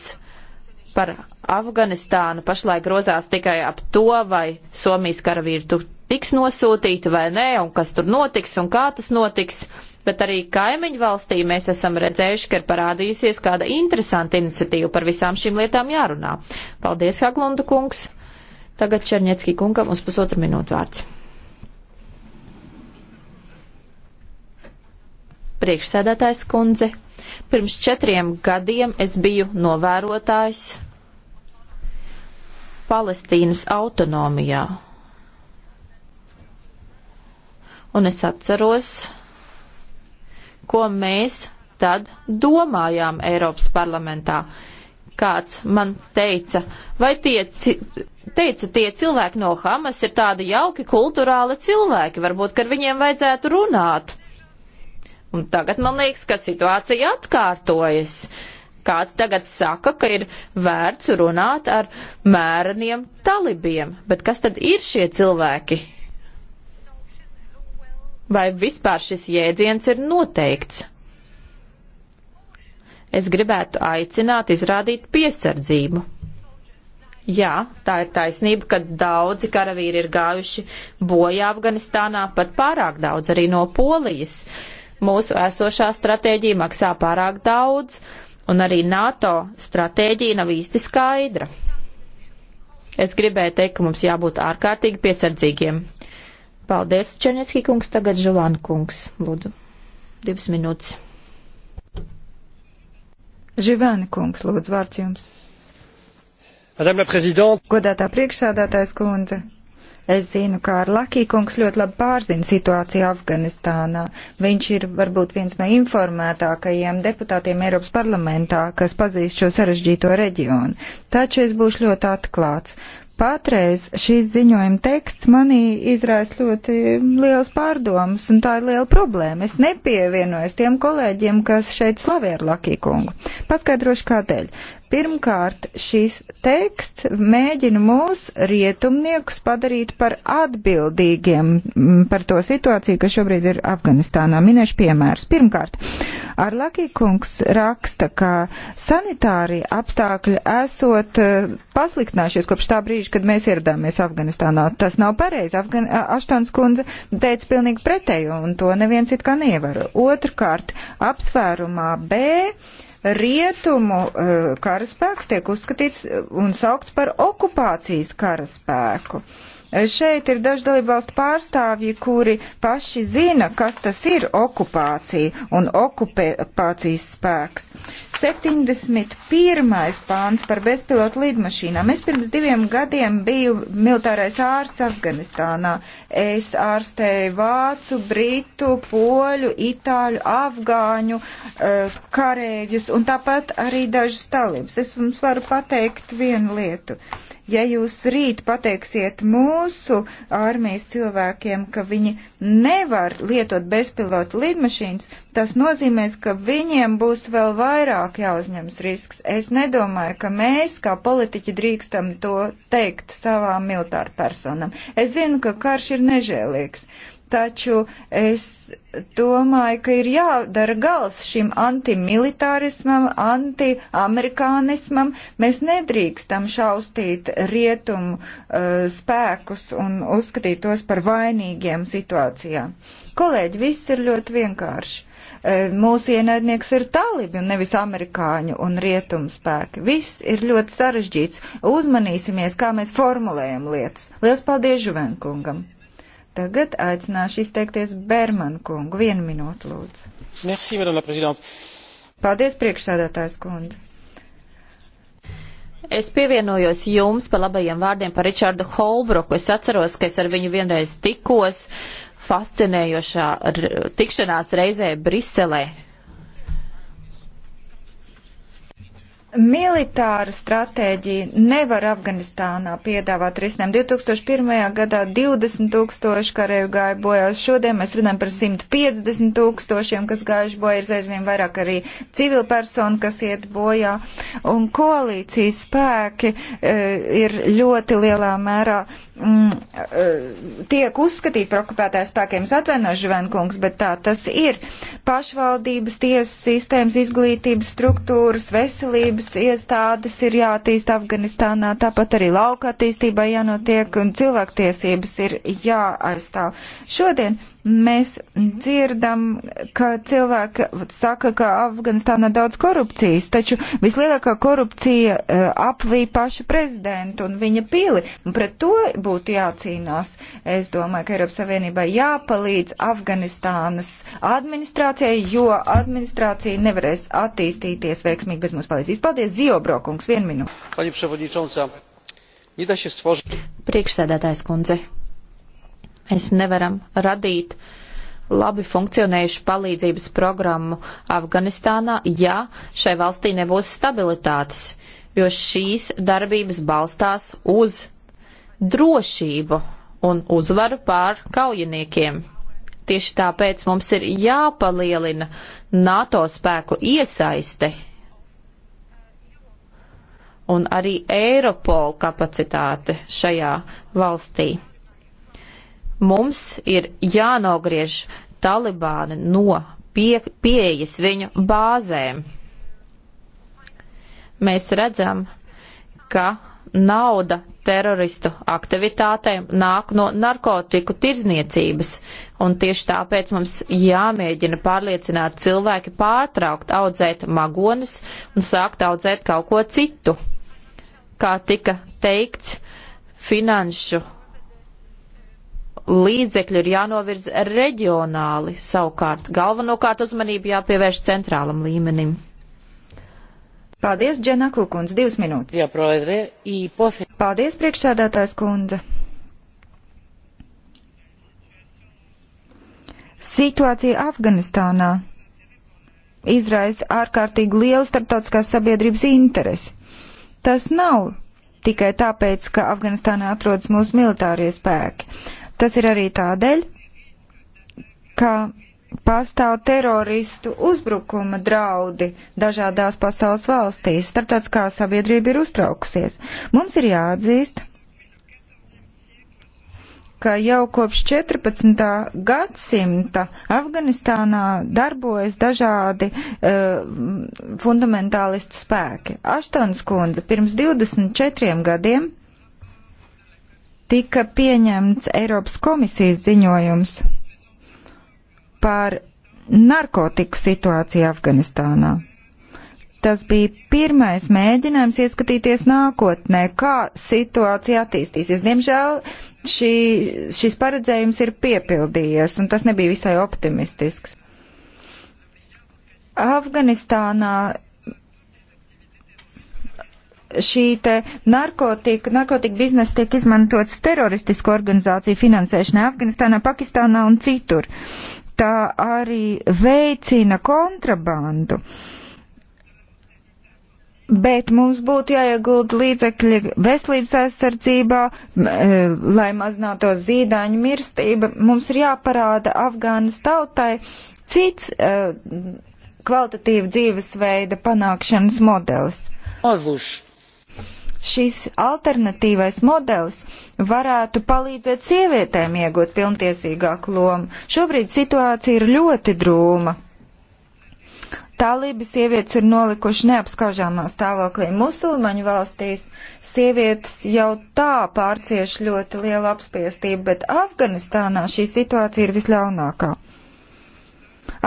par Afganistānu pašlaik grozās tikai ap to, vai Somijas karavīri tiks nosūtīti vai nē, un kas tur notiks un kā tas notiks bet arī kaimiņu valstī mēs esam redzējuši, ka ir parādījusies kāda interesanta iniciatīva par visām šīm lietām jārunā. Paldies, Haglunda kungs! Tagad Černiecki kungam uz pusotru minūtu vārds. Priekšsēdētājs kundze, pirms četriem gadiem es biju novērotājs Palestīnas autonomijā. Un es atceros, ko mēs tad domājām Eiropas parlamentā. Kāds man teica, vai tie, teica, tie cilvēki no Hamas ir tādi jauki kulturāli cilvēki, varbūt, ka ar viņiem vajadzētu runāt. Un tagad man liekas, ka situācija atkārtojas. Kāds tagad saka, ka ir vērts runāt ar mēreniem talibiem, bet kas tad ir šie cilvēki? vai vispār šis jēdziens ir noteikts. Es gribētu aicināt izrādīt piesardzību. Jā, tā ir taisnība, ka daudzi karavīri ir gājuši bojā Afganistānā, pat pārāk daudz arī no Polijas. Mūsu esošā stratēģija maksā pārāk daudz, un arī NATO stratēģija nav īsti skaidra. Es gribēju teikt, ka mums jābūt ārkārtīgi piesardzīgiem. Paldies, Černiecki kungs, tagad Žovāna kungs, lūdzu. Divas minūtes. Živāna kungs, lūdzu, vārds jums. Madame la Présidente. Godātā priekšsādātājs kundze. Es zinu, ka ar Lakī kungs ļoti labi pārzina situāciju Afganistānā. Viņš ir varbūt viens no informētākajiem deputātiem Eiropas parlamentā, kas pazīst šo sarežģīto reģionu. Taču es būšu ļoti atklāts. Patreiz šīs ziņojuma teksts manī izraisa ļoti liels pārdomas, un tā ir liela problēma. Es nepievienojos tiem kolēģiem, kas šeit slavē ar Lakīkungu. Paskaidrošu kādēļ. Pirmkārt, šīs teksts mēģina mūs rietumniekus padarīt par atbildīgiem mm, par to situāciju, kas šobrīd ir Afganistānā. Minēšu piemērus. Pirmkārt, Arlaki kungs raksta, ka sanitārie apstākļi esot eh, pasliktinājušies kopš tā brīža, kad mēs ieradāmies Afganistānā. Tas nav pareizi. Afgan Aštons kundze teica pilnīgi pretējo, un to neviens it kā nevar. Otrkārt, apsvērumā B Rietumu eh, karaspēks tiek uzskatīts eh, un saukts par okupācijas karaspēku. Eh, šeit ir daži dalībvalstu pārstāvji, kuri paši zina, kas tas ir okupācija un okupācijas spēks. 71. pāns par bezpilotu lidmašīnām. Es pirms diviem gadiem biju militārais ārsts Afganistānā. Es ārstēju vācu, britu, poļu, itāļu, afgāņu, eh, karēģus un tāpat arī dažus talibus. Es jums varu pateikt vienu lietu ja jūs rīt pateiksiet mūsu armijas cilvēkiem, ka viņi nevar lietot bezpilota lidmašīnas, tas nozīmēs, ka viņiem būs vēl vairāk jāuzņems risks. Es nedomāju, ka mēs, kā politiķi, drīkstam to teikt savām militāru personam. Es zinu, ka karš ir nežēlīgs taču es domāju, ka ir jādara gals šim antimilitārismam, antiamerikānismam. Mēs nedrīkstam šaustīt rietumu uh, spēkus un uzskatīt tos par vainīgiem situācijā. Kolēģi, viss ir ļoti vienkārši. Uh, mūsu ienaidnieks ir talibi un nevis amerikāņu un rietumu spēki. Viss ir ļoti sarežģīts. Uzmanīsimies, kā mēs formulējam lietas. Lielas paldies Žuvenkungam! Tagad aicināšu izteikties Berman kungu. Vienu minūtu lūdzu. Merci, madame la prezidente. Paldies, priekšsādātājs kundze. Es pievienojos jums par labajiem vārdiem par Ričārdu Holbruku. Es atceros, ka es ar viņu vienreiz tikos fascinējošā tikšanās reizē Briselē Militāra stratēģija nevar Afganistānā piedāvāt risinājumu. 2001. gadā 20 tūkstoši karēju gāja bojās, šodien mēs runājam par 150 tūkstošiem, kas gājuši bojā, ir aizvien vairāk arī civilpersonu, kas iet bojā, un koalīcijas spēki e, ir ļoti lielā mērā mm, e, tiek uzskatīti par okupētāju spēkiem. Es atvainošu, Žvenkungs, bet tā tas ir. Pašvaldības, tiesu sistēmas, izglītības struktūras, veselības palīdzības iestādes ir jātīst Afganistānā, tāpat arī lauka attīstībai jānotiek un cilvēktiesības ir jāaizstāv. Šodien Mēs dzirdam, ka cilvēki saka, ka Afganistānā daudz korupcijas, taču vislielākā korupcija uh, apvīja pašu prezidentu un viņa pili, un pret to būtu jācīnās. Es domāju, ka Eiropas Savienībai jāpalīdz Afganistānas administrācijai, jo administrācija nevarēs attīstīties veiksmīgi bez mūsu palīdzības. Paldies, Ziobrokungs, vienu minūti. Priekšsēdētājs kundze, Mēs nevaram radīt labi funkcionējušu palīdzības programmu Afganistānā, ja šai valstī nebūs stabilitātes, jo šīs darbības balstās uz drošību un uzvaru pār kaujiniekiem. Tieši tāpēc mums ir jāpalielina NATO spēku iesaiste un arī Eiropola kapacitāte šajā valstī. Mums ir jānogriež Talibāni no pie, pieejas viņu bāzēm. Mēs redzam, ka nauda teroristu aktivitātēm nāk no narkotiku tirzniecības, un tieši tāpēc mums jāmēģina pārliecināt cilvēki pārtraukt audzēt magonis un sākt audzēt kaut ko citu. Kā tika teikts, finanšu līdzekļi ir jānovirz reģionāli savukārt. Galvenokārt uzmanību jāpievērš centrālam līmenim. Paldies, Dženaku kundze, divas minūtes. Jā, proedre, īposi. Paldies, priekšsēdētājs kundze. Situācija Afganistānā izraisa ārkārtīgi lielu starptautiskās sabiedrības interesi. Tas nav tikai tāpēc, ka Afganistānā atrodas mūsu militārie spēki. Tas ir arī tādēļ, ka pastāv teroristu uzbrukuma draudi dažādās pasaules valstīs. Starptautiskā sabiedrība ir uztraukusies. Mums ir jāatzīst, ka jau kopš 14. gadsimta Afganistānā darbojas dažādi uh, fundamentālistu spēki. Aštons kundze pirms 24 gadiem tika pieņemts Eiropas komisijas ziņojums par narkotiku situāciju Afganistānā. Tas bija pirmais mēģinājums ieskatīties nākotnē, kā situācija attīstīsies. Diemžēl šī, šis paredzējums ir piepildījies, un tas nebija visai optimistisks. Afganistānā šī te narkotika, narkotika biznesa tiek izmantots teroristisku organizāciju finansēšanai Afganistānā, Pakistānā un citur. Tā arī veicina kontrabandu. Bet mums būtu jāiegulda līdzekļi veselības aizsardzībā, e, lai mazinātos zīdaiņu mirstība. Mums ir jāparāda Afgānas tautai cits e, kvalitatīva dzīvesveida panākšanas modelis. Azuši šis alternatīvais modelis varētu palīdzēt sievietēm iegūt pilntiesīgāku lomu. Šobrīd situācija ir ļoti drūma. Talība sievietes ir nolikuši neapskaužāmā stāvoklī musulmaņu valstīs. Sievietes jau tā pārcieš ļoti lielu apspiestību, bet Afganistānā šī situācija ir visļaunākā.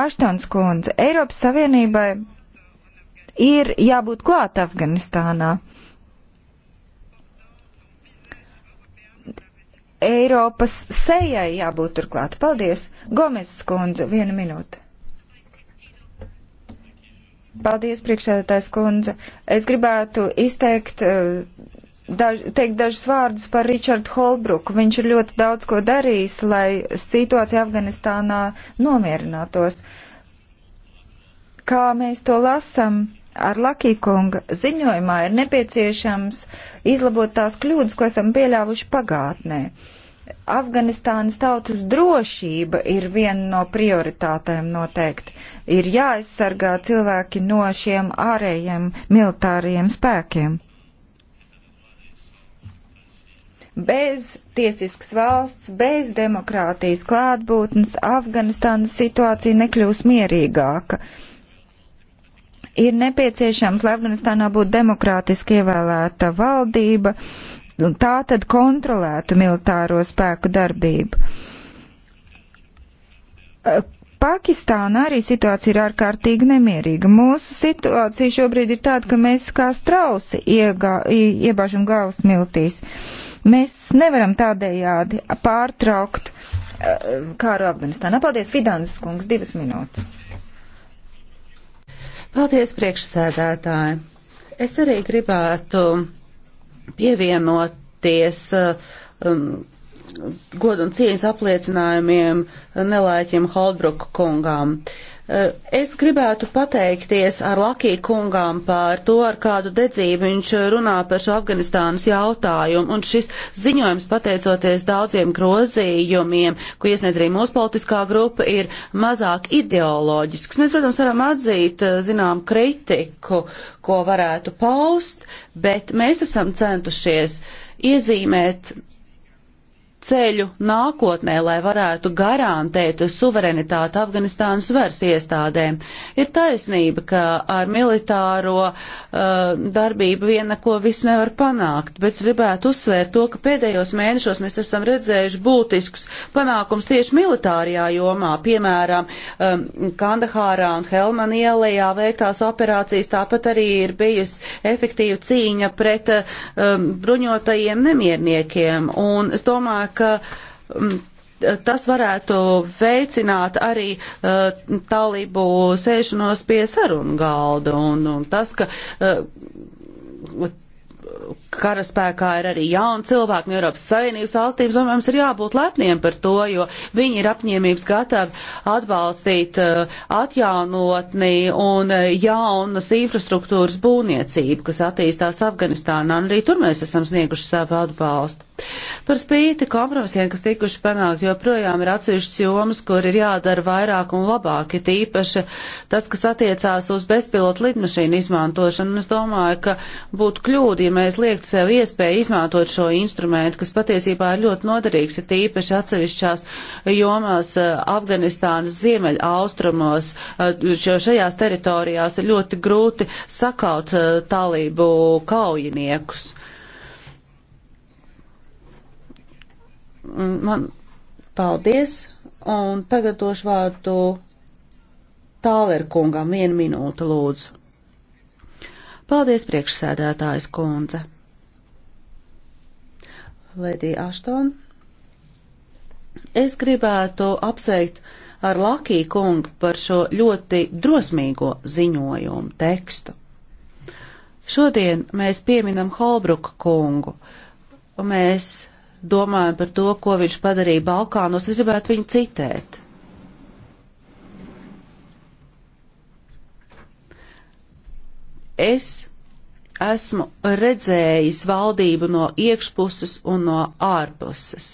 Aštons kundze, Eiropas Savienībai ir jābūt klāt Afganistānā. Eiropas sejai jābūt turklāt. Paldies! Gomes skundze, viena minūte. Paldies, priekšsēdētājs kundze. Es gribētu izteikt, eh, daž, teikt dažus vārdus par Richardu Holbruku. Viņš ir ļoti daudz ko darījis, lai situācija Afganistānā nomierinātos. Kā mēs to lasam ar Lakīkunga ziņojumā, ir nepieciešams izlabot tās kļūdas, ko esam pieļāvuši pagātnē. Uh, Afganistānas tautas drošība ir viena no prioritātēm noteikti. Ir jāaizsargā cilvēki no šiem ārējiem militāriem spēkiem. Bez tiesisks valsts, bez demokrātijas klātbūtnes Afganistānas situācija nekļūs mierīgāka. Ir nepieciešams, lai Afganistānā būtu demokrātiski ievēlēta valdība, uh, tā tad kontrolētu militāro spēku darbību. Eh, Pakistāna arī situācija ir ārkārtīgi nemierīga. Mūsu situācija šobrīd ir tāda, ka mēs kā strausi iegā, iebāžam galvas miltīs. Mēs nevaram tādējādi pārtraukt uh, kāru Afganistānā. Paldies, Fidansas kungs, divas minūtes. Paldies, priekšsēdētāji. Es arī gribētu pievienoties uh, um, godu un cieņas apliecinājumiem uh, nelaiķiem Holdbruku kungām. Uh, Eh, es gribētu pateikties ar Lakī kungām par to, ar kādu dedzību viņš runā par šo Afganistānas jautājumu, un šis ziņojums, pateicoties daudziem grozījumiem, ko iesniedz arī mūsu politiskā grupa, ir mazāk ideoloģisks. Mēs, protams, varam atzīt, eh, zinām, kritiku, ko varētu paust, bet mēs esam centušies iezīmēt ceļu nākotnē, lai varētu garantēt suverenitāti Afganistānas varas iestādēm. Ir taisnība, ka ar militāro uh, darbību viena ko visu nevar panākt, bet es gribētu uzsvērt to, ka pēdējos mēnešos mēs esam redzējuši būtiskus panākums tieši militārajā jomā, piemēram, um, Kandahārā un Helman ielējā veiktās operācijas, tāpat arī ir bijusi efektīva cīņa pret uh, um, bruņotajiem nemierniekiem. Un es domāju, ka um, tas varētu veicināt arī uh, e, talību sēšanos pie sarunu galda un, un tas, ka uh, karaspēkā ir arī jauni cilvēki no Eiropas Savienības valstīm, un mums ir jābūt lepniem par to, jo viņi ir apņēmības gatavi atbalstīt uh, atjaunotni un uh, jaunas infrastruktūras būvniecību, kas attīstās Afganistānā, un arī tur mēs esam snieguši savu atbalstu. Par spīti kompromisiem, kas tikuši panākt, joprojām ir atsevišķas jomas, kur ir jādara vairāk un labāk, ir īpaši tas, kas attiecās uz bezpilotu lidmašīnu izmantošanu. Un es domāju, ka būtu kļūdi, ja mēs liektu dot sev iespēju izmantot šo instrumentu, kas patiesībā ir ļoti noderīgs, ir tīpaši atsevišķās jomās eh, Afganistānas ziemeļa austrumos, jo eh, šajās teritorijās ir ļoti grūti sakaut eh, talību kaujiniekus. Mm, man paldies, un tagad došu vārdu Tālerkungam vienu minūtu lūdzu. Paldies, priekšsēdētājs kundze! Lēdī Ašton. Es gribētu apsveikt ar Lakiju kungu par šo ļoti drosmīgo ziņojumu tekstu. Šodien mēs pieminam Holbruka kungu, un mēs domājam par to, ko viņš padarīja Balkānos. Es gribētu viņu citēt. Es esmu redzējis valdību no iekšpuses un no ārpuses.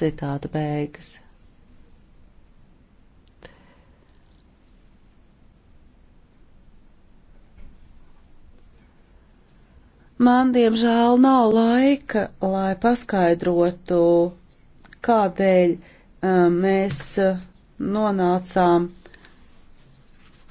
Citāta beigas. Man, diemžēl, nav laika, lai paskaidrotu, kādēļ uh, mēs uh, nonācām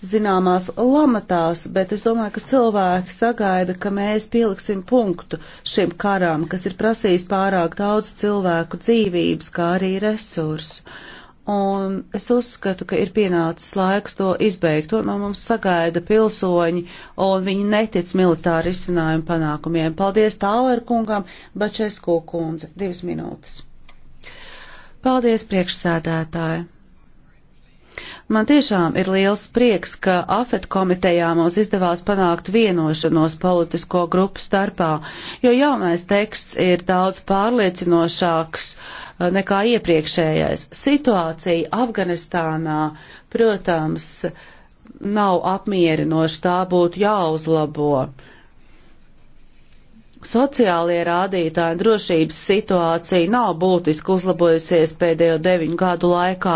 zināmās lamatās, bet es domāju, ka cilvēki sagaida, ka mēs pieliksim punktu šim karam, kas ir prasījis pārāk daudz cilvēku dzīvības, kā arī resursu. Un es uzskatu, ka ir pienācis laiks to izbeigt. To no mums sagaida pilsoņi, un viņi netic militāru izcinājumu panākumiem. Paldies Tāver kungam, Bačesko kundze, divas minūtes. Paldies priekšsēdētāji! Man tiešām ir liels prieks, ka AFET komitejā mums izdevās panākt vienošanos politisko grupu starpā, jo jaunais teksts ir daudz pārliecinošāks eh, nekā iepriekšējais. Situācija Afganistānā, protams, nav apmierinoša, tā būtu jāuzlabo. Sociālie rādītāji un drošības situācija nav būtiski uzlabojusies pēdējo deviņu gadu laikā,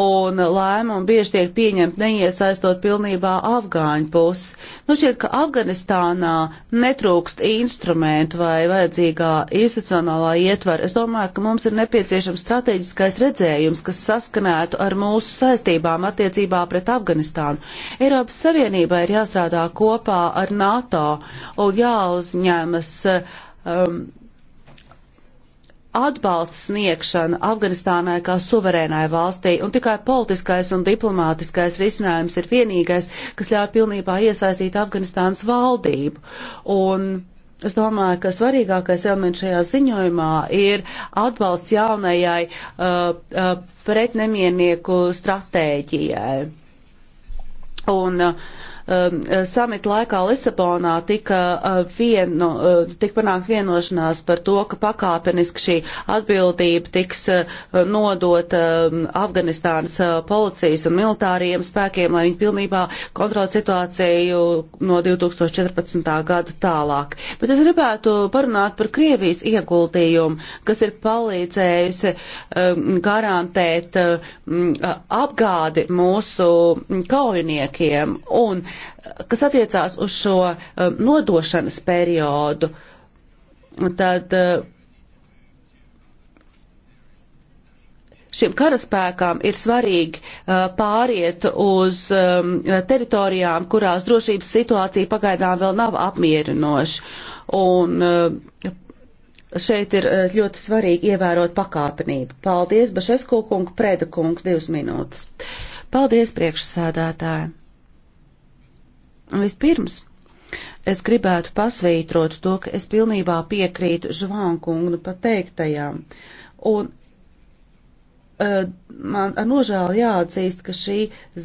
un lēmumi bieži tiek pieņemti neiesaistot pilnībā afgāņu pusi. Nu šķiet, ka Afganistānā netrūkst instrumentu vai vajadzīgā institucionālā ietvara. Es domāju, ka mums ir nepieciešams strateģiskais redzējums, kas saskanētu ar mūsu saistībām attiecībā pret Afganistānu. Eiropas Savienībai ir jāstrādā kopā ar NATO un jāuzņemas um, atbalsta sniegšana Afganistānai kā suverēnai valstī, un tikai politiskais un diplomātiskais risinājums ir vienīgais, kas ļauj pilnībā iesaistīt Afganistānas valdību. Un Es domāju, ka svarīgākais elements šajā ziņojumā ir atbalsts jaunajai uh, uh, pretnemiernieku stratēģijai. Un, uh, Um, samita laikā Lisabonā tika, uh, vieno, uh, tika panākt vienošanās par to, ka pakāpeniski šī atbildība tiks uh, nodota um, Afganistānas policijas un militāriem spēkiem, lai viņi pilnībā kontrolētu situāciju no 2014. gada tālāk. Bet es gribētu parunāt par Krievijas ieguldījumu, kas ir palīdzējusi um, garantēt apgādi mūsu kaujiniekiem. Un Kas attiecās uz šo um, nodošanas periodu, tad uh, šiem karaspēkām ir svarīgi uh, pāriet uz um, teritorijām, kurās drošības situācija pagaidām vēl nav apmierinoša. Un uh, šeit ir ļoti svarīgi ievērot pakāpenību. Paldies, Bašesko kungu, Preda kungs, divas minūtes. Paldies, priekšsēdētāji! Vispirms es gribētu pasvītrot to, ka es pilnībā piekrītu Žvankungu pateiktajām. Un eh, man ar nožēlu jāatzīst, ka šī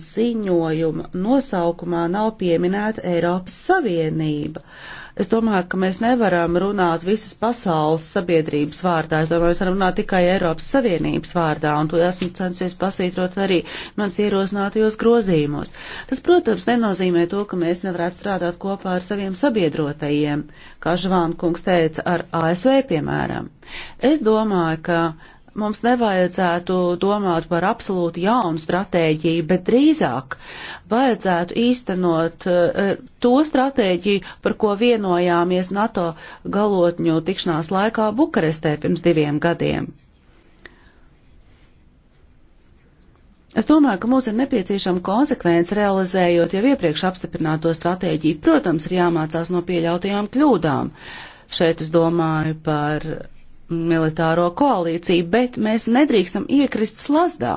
ziņojuma nosaukumā nav pieminēta Eiropas Savienība. Uh, Es domāju, ka mēs nevaram runāt visas pasaules sabiedrības vārdā. Es domāju, mēs varam runāt tikai Eiropas Savienības vārdā, un to esmu censies pasītrot arī mans ierosinātajos grozījumos. Tas, protams, nenozīmē to, ka mēs nevarētu strādāt kopā ar saviem sabiedrotajiem, kā Žvānkungs teica, ar ASV, piemēram. Es domāju, ka mums nevajadzētu domāt par absolūti jaunu stratēģiju, bet drīzāk vajadzētu īstenot eh, to stratēģiju, par ko vienojāmies NATO galotņu tikšanās laikā Bukarestē pirms diviem gadiem. Es domāju, ka mums ir nepieciešama konsekvence realizējot jau iepriekš apstiprināto stratēģiju. Protams, ir jāmācās no pieļautajām kļūdām. Šeit es domāju par militāro koalīciju, bet mēs nedrīkstam iekrist slazdā.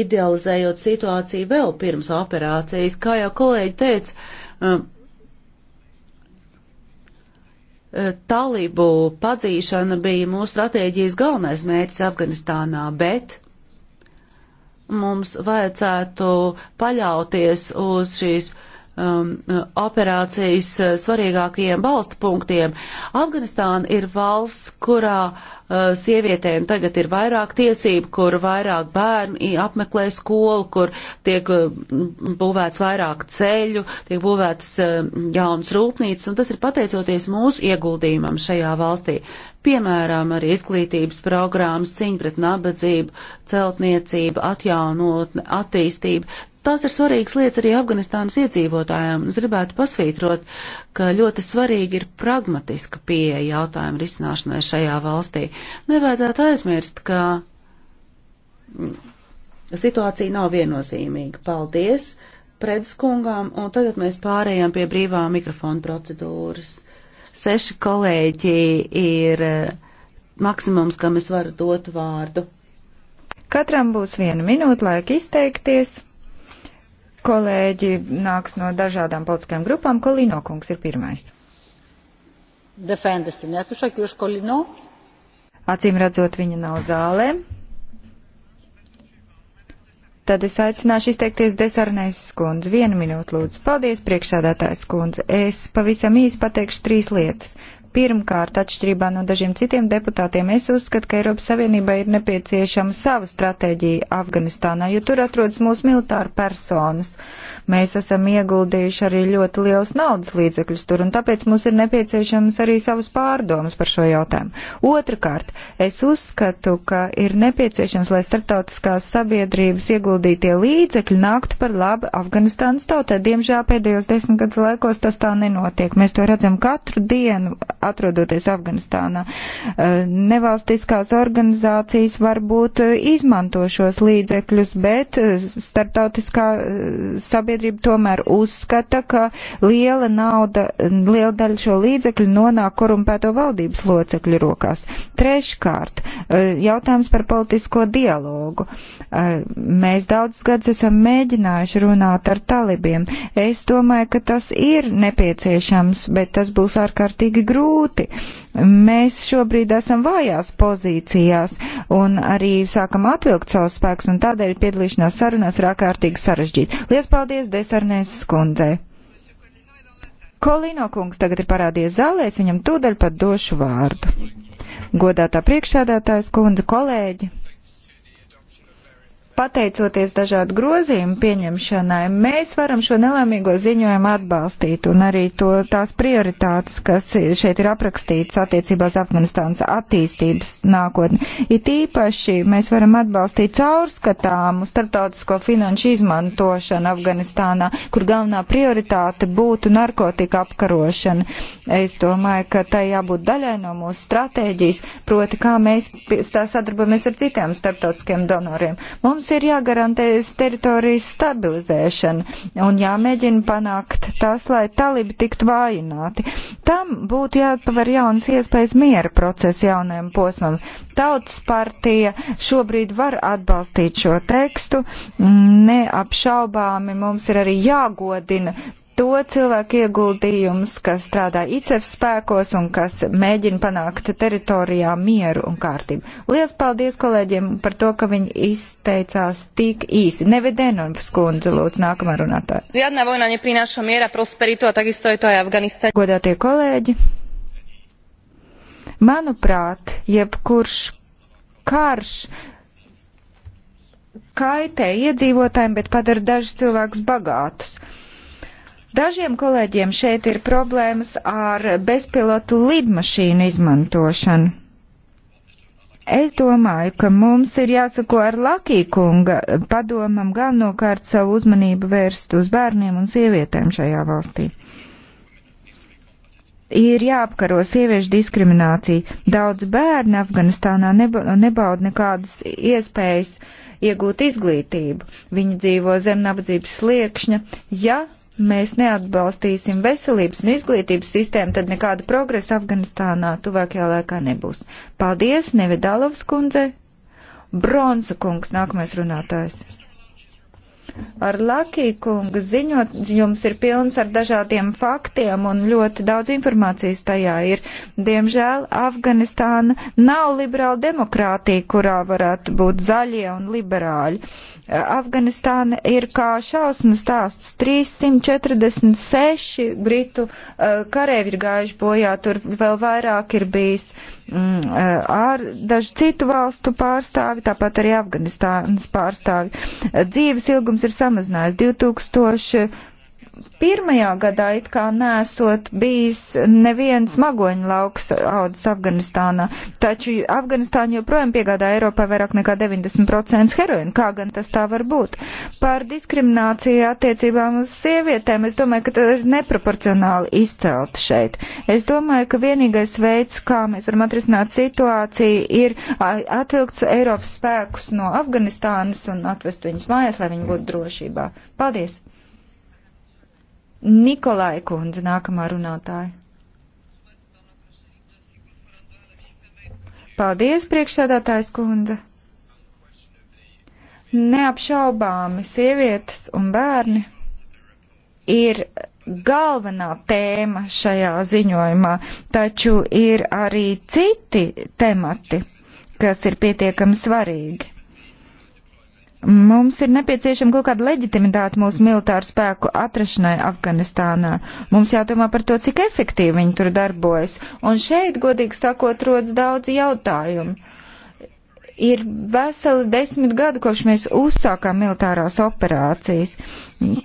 Idealizējot situāciju vēl pirms operācijas, kā jau kolēģi teica, um, uh, talību padzīšana bija mūsu stratēģijas galvenais mērķis Afganistānā, bet mums vajadzētu paļauties uz šīs uh, um, operācijas uh, svarīgākajiem balsta punktiem. Afganistāna ir valsts, kurā uh, sievietēm tagad ir vairāk tiesību, kur vairāk bērnu apmeklē skolu, kur tiek uh, būvēts vairāk ceļu, tiek būvētas uh, jaunas rūpnīcas, un tas ir pateicoties mūsu ieguldījumam šajā valstī. Piemēram, arī izglītības programmas, cīņa pret nabadzību, celtniecība, atjaunotne, attīstība. Tās ir svarīgas lietas arī Afganistānas iedzīvotājiem. Es gribētu pasvītrot, ka ļoti svarīgi ir pragmatiska pieeja jautājumu risināšanai šajā valstī. Nevajadzētu aizmirst, ka situācija nav viennozīmīga. Paldies predskungām, un tagad mēs pārējām pie brīvā mikrofona procedūras. Seši kolēģi ir eh, maksimums, kam es varu dot vārdu. Katram būs viena minūte laika izteikties. Kolēģi nāks no dažādām politiskajām grupām. Kolino kungs ir pirmais. Acīm redzot, viņa nav zālē. Tad es aicināšu izteikties desarnais skundze. Vienu minūtu lūdzu. Paldies, priekšsādātājs skundze. Es pavisam īsi pateikšu trīs lietas. Pirmkārt, atšķirībā no dažiem citiem deputātiem, es uzskatu, ka Eiropas Savienībai ir nepieciešama sava stratēģija Afganistānā, jo tur atrodas mūsu militāra personas. Mēs esam ieguldījuši arī ļoti liels naudas līdzekļus tur, un tāpēc mums ir nepieciešams arī savas pārdomas par šo jautājumu. Otrakārt, es uzskatu, ka ir nepieciešams, lai starptautiskās sabiedrības ieguldītie līdzekļi nāktu par labu Afganistānas tautai. Diemžēl pēdējos desmit gadu laikos tas tā nenotiek. Mēs to redzam katru dienu atrodoties Afganistānā. Eh, nevalstiskās organizācijas varbūt eh, izmanto šos līdzekļus, bet eh, starptautiskā sabiedrība tomēr uzskata, ka liela nauda, liela daļa šo līdzekļu nonāk korumpēto valdības locekļu rokās. Treškārt, jautājums par politisko dialogu. Mēs daudz gadus esam mēģinājuši runāt ar talibiem. Es domāju, ka tas ir nepieciešams, bet tas būs ārkārtīgi grūti grūti. Mēs šobrīd esam vājās pozīcijās un arī sākam atvilkt savus spēkus, un tādēļ piedalīšanās sarunās ir ārkārtīgi sarežģīta. Lielas paldies Desarnēs skundzei! Kolino kungs tagad ir parādījies zālē, es viņam tūdaļ pat došu vārdu. Godātā priekšsēdētājas kundze, kolēģi! pateicoties dažādu grozījumu pieņemšanai, mēs varam šo nelēmīgo ziņojumu atbalstīt un arī to, tās prioritātes, kas šeit ir aprakstītas attiecībā uz Afganistānas attīstības nākotni. It īpaši mēs varam atbalstīt caurskatāmu starptautisko finanšu izmantošanu Afganistānā, kur galvenā prioritāte būtu narkotika apkarošana. Es domāju, ka tai jābūt daļai no mūsu stratēģijas, proti kā mēs sadarbojamies ar citiem starptautiskiem donoriem. Mums Mums ir jāgarantē teritorijas stabilizēšana un jāmēģina panākt tas, lai talibi tiktu vājināti. Tam būtu jāpavar jaunas iespējas miera procesa jaunajam posmam. Tautas partija šobrīd var atbalstīt šo tekstu. Neapšaubāmi mums ir arī jāgodina to cilvēku ieguldījums, kas strādā ICEF spēkos un kas mēģina panākt teritorijā mieru un kārtību. Lielas paldies kolēģiem par to, ka viņi izteicās tik īsi. Nevedenovs kundze, lūdzu, nākamā runātāja. Žiadna vojna neprināša miera prosperitu, a takisto ir to Afganistāna. Godātie kolēģi, manuprāt, jebkurš karš kaitē iedzīvotājiem, bet padara dažus cilvēkus bagātus. Uh, Dažiem kolēģiem šeit ir problēmas ar bezpilotu lidmašīnu izmantošanu. Es domāju, ka mums ir jāsako ar Lakīkunga padomam galvenokārt savu uzmanību vērst uz bērniem un sievietēm šajā valstī ir jāapkaro sieviešu diskriminācija. Daudz bērnu Afganistānā nebauda nekādas iespējas iegūt izglītību. Viņi dzīvo zem nabadzības sliekšņa. Ja mēs neatbalstīsim veselības un izglītības sistēmu, tad nekāda progresa Afganistānā tuvākajā laikā nebūs. Paldies, Nevedalovs kundze. Bronsa kungs, nākamais runātājs. Ar Lakī kunga ziņot, jums ir pilns ar dažādiem faktiem un ļoti daudz informācijas tajā ir. Diemžēl Afganistāna nav liberāla demokrātija, kurā varētu būt zaļie un liberāļi. Afganistāna ir kā šausmas stāsts. 346 britu uh, karēvi ir gājuši bojā, tur vēl vairāk ir bijis mm, uh, ar dažu citu valstu pārstāvi, tāpat arī Afganistānas pārstāvi. Dzīves ilgums ir samazinājies. 2000 pirmajā gadā it kā nesot bijis neviens magoņu lauks audas Afganistānā, taču Afganistāna joprojām piegādā Eiropā vairāk nekā 90% heroīnu, kā gan tas tā var būt. Par diskrimināciju attiecībām uz sievietēm, es domāju, ka tas ir neproporcionāli izcelt šeit. Es domāju, ka vienīgais veids, kā mēs varam atrisināt situāciju, ir atvilkt Eiropas spēkus no Afganistānas un atvest viņus mājās, lai viņi būtu drošībā. Paldies! Nikolai Kundze, nākamā runātāja. Paldies, priekšsēdētājs Kundze. Neapšaubāmi sievietes un bērni ir galvenā tēma šajā ziņojumā, taču ir arī citi temati, kas ir pietiekami svarīgi. Mums ir nepieciešama kaut kāda leģitimitāte mūsu militāru spēku atrašanai Afganistānā. Mums jādomā par to, cik efektīvi viņi tur darbojas. Un šeit, godīgi sakot, rodas daudz jautājumu. Ir veseli desmit gadu, kopš mēs uzsākām militārās operācijas.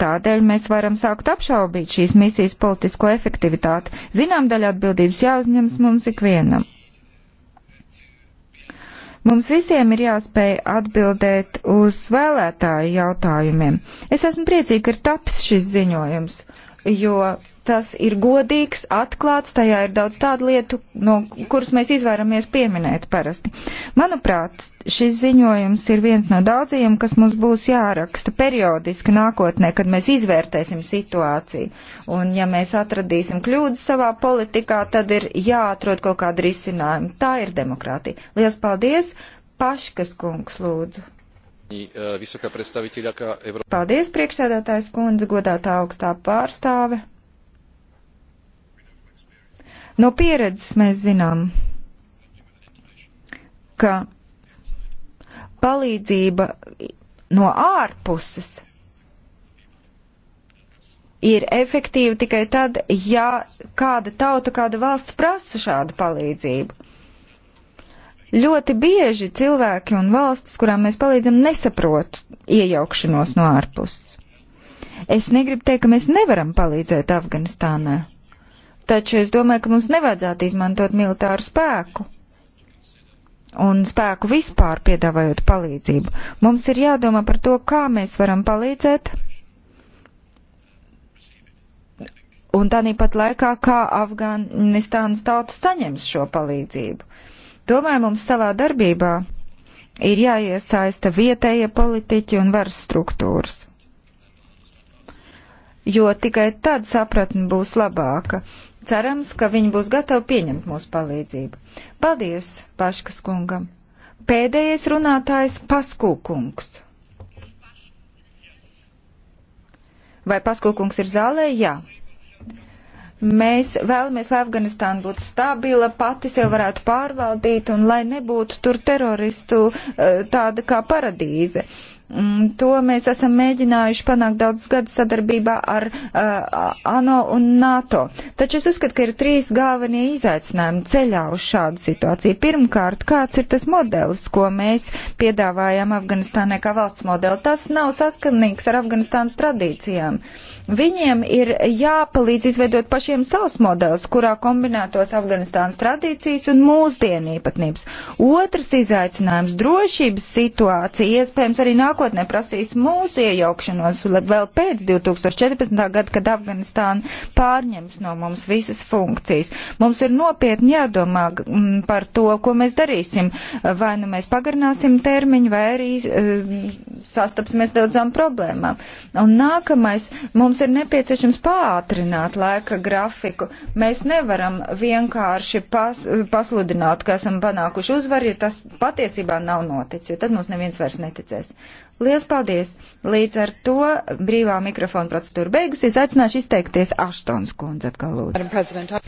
Tādēļ mēs varam sākt apšaubīt šīs misijas politisko efektivitāti. Zinām, daļa atbildības jāuzņemas mums ikvienam. Mums visiem ir jāspēj atbildēt uz vēlētāju jautājumiem. Es esmu priecīga, ka ir taps šis ziņojums, jo tas ir godīgs, atklāts, tajā ir daudz tādu lietu, no kuras mēs izvairamies pieminēt parasti. Manuprāt, šis ziņojums ir viens no daudzajiem, kas mums būs jāraksta periodiski nākotnē, kad mēs izvērtēsim situāciju. Un ja mēs atradīsim kļūdas savā politikā, tad ir jāatrod kaut kāda risinājuma. Tā ir demokrātija. Lielas paldies! Paškas kungs lūdzu. E, paldies, priekšsēdētājs kundze, godātā augstā pārstāve. No pieredzes mēs zinām, ka palīdzība no ārpuses ir efektīva tikai tad, ja kāda tauta, kāda valsts prasa šādu palīdzību. Ļoti bieži cilvēki un valstis, kurām mēs palīdzam, nesaprot iejaukšanos no ārpuses. Es negribu teikt, ka mēs nevaram palīdzēt Afganistānai Taču es domāju, ka mums nevajadzētu izmantot militāru spēku un spēku vispār piedāvājot palīdzību. Mums ir jādomā par to, kā mēs varam palīdzēt un tāpat laikā, kā Afganistānas tauta saņems šo palīdzību. Domāju, mums savā darbībā ir jāiesaista vietējie politiķi un varas struktūras. Jo tikai tad sapratni būs labāka. Cerams, ka viņi būs gatavi pieņemt mūsu palīdzību. Paldies, Paškas kungam! Pēdējais runātājs - Paskūkungs. Vai Paskūkungs ir zālē? Jā. Mēs vēlamies, lai Afganistāna būtu stabila, pati sev varētu pārvaldīt un lai nebūtu tur teroristu eh, tāda kā paradīze. Uh, Mm, to mēs esam mēģinājuši panākt daudz gadu sadarbībā ar uh, ANO un NATO. Taču es uzskatu, ka ir trīs galvenie izaicinājumi ceļā uz šādu situāciju. Pirmkārt, kāds ir tas modelis, ko mēs piedāvājam Afganistānai kā valsts modeli? Tas nav saskanīgs ar Afganistānas tradīcijām. Uh, Viņiem ir jāpalīdz izveidot pašiem savus modeļus, kurā kombinētos Afganistānas tradīcijas un mūsdienu īpatnības. Otrs izaicinājums - drošības situācija iespējams arī nākotnē prasīs mūsu iejaukšanos vēl pēc 2014. gada, kad Afganistāna pārņems no mums visas funkcijas. Mums ir nopietni jādomā mm, par to, ko mēs darīsim. Vai nu mēs pagarināsim termiņu, vai arī mm, sastapsimies daudzām problēmām. Un nākamais mums mums ir nepieciešams pātrināt laika grafiku. Mēs nevaram vienkārši pas, pasludināt, ka esam panākuši uzvaru, ja tas patiesībā nav noticis, jo tad mums neviens vairs neticēs. Lielas paldies! Līdz ar to brīvā mikrofona procedūra beigusies. Aicināšu izteikties Aštons kundze atkal lūdzu.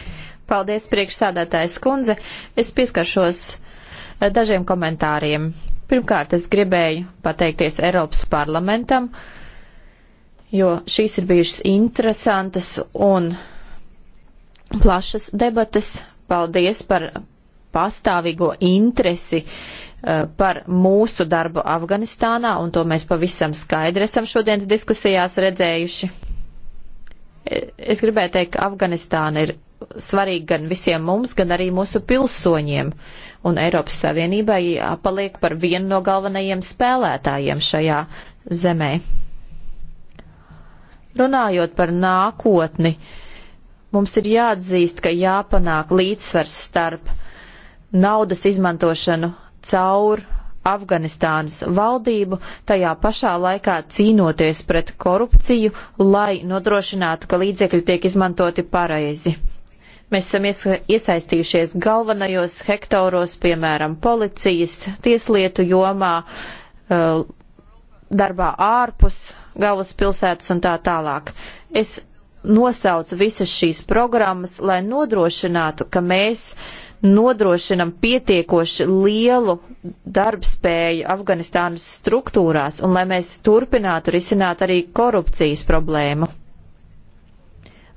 Paldies, priekšsādātājs kundze. Es pieskaršos eh, dažiem komentāriem. Pirmkārt, es gribēju pateikties Eiropas parlamentam. Uh, jo šīs ir bijušas interesantas un plašas debates. Paldies par pastāvīgo interesi eh, par mūsu darbu Afganistānā, un to mēs pavisam skaidri esam šodienas diskusijās redzējuši. E, es gribēju teikt, ka Afganistāna ir svarīga gan visiem mums, gan arī mūsu pilsoņiem, un Eiropas Savienībai jāpaliek par vienu no galvenajiem spēlētājiem šajā zemē. Runājot par nākotni, mums ir jāatzīst, ka jāpanāk līdzsvars starp naudas izmantošanu caur Afganistānas valdību, tajā pašā laikā cīnoties pret korupciju, lai nodrošinātu, ka līdzekļi tiek izmantoti pareizi. Mēs esam iesaistījušies galvenajos hektoros, piemēram, policijas, tieslietu jomā, eh, darbā ārpus galvaspilsētas un tā tālāk. Es nosaucu visas šīs programmas, lai nodrošinātu, ka mēs nodrošinam pietiekoši lielu darbspēju Afganistānas struktūrās un lai mēs turpinātu risināt arī korupcijas problēmu.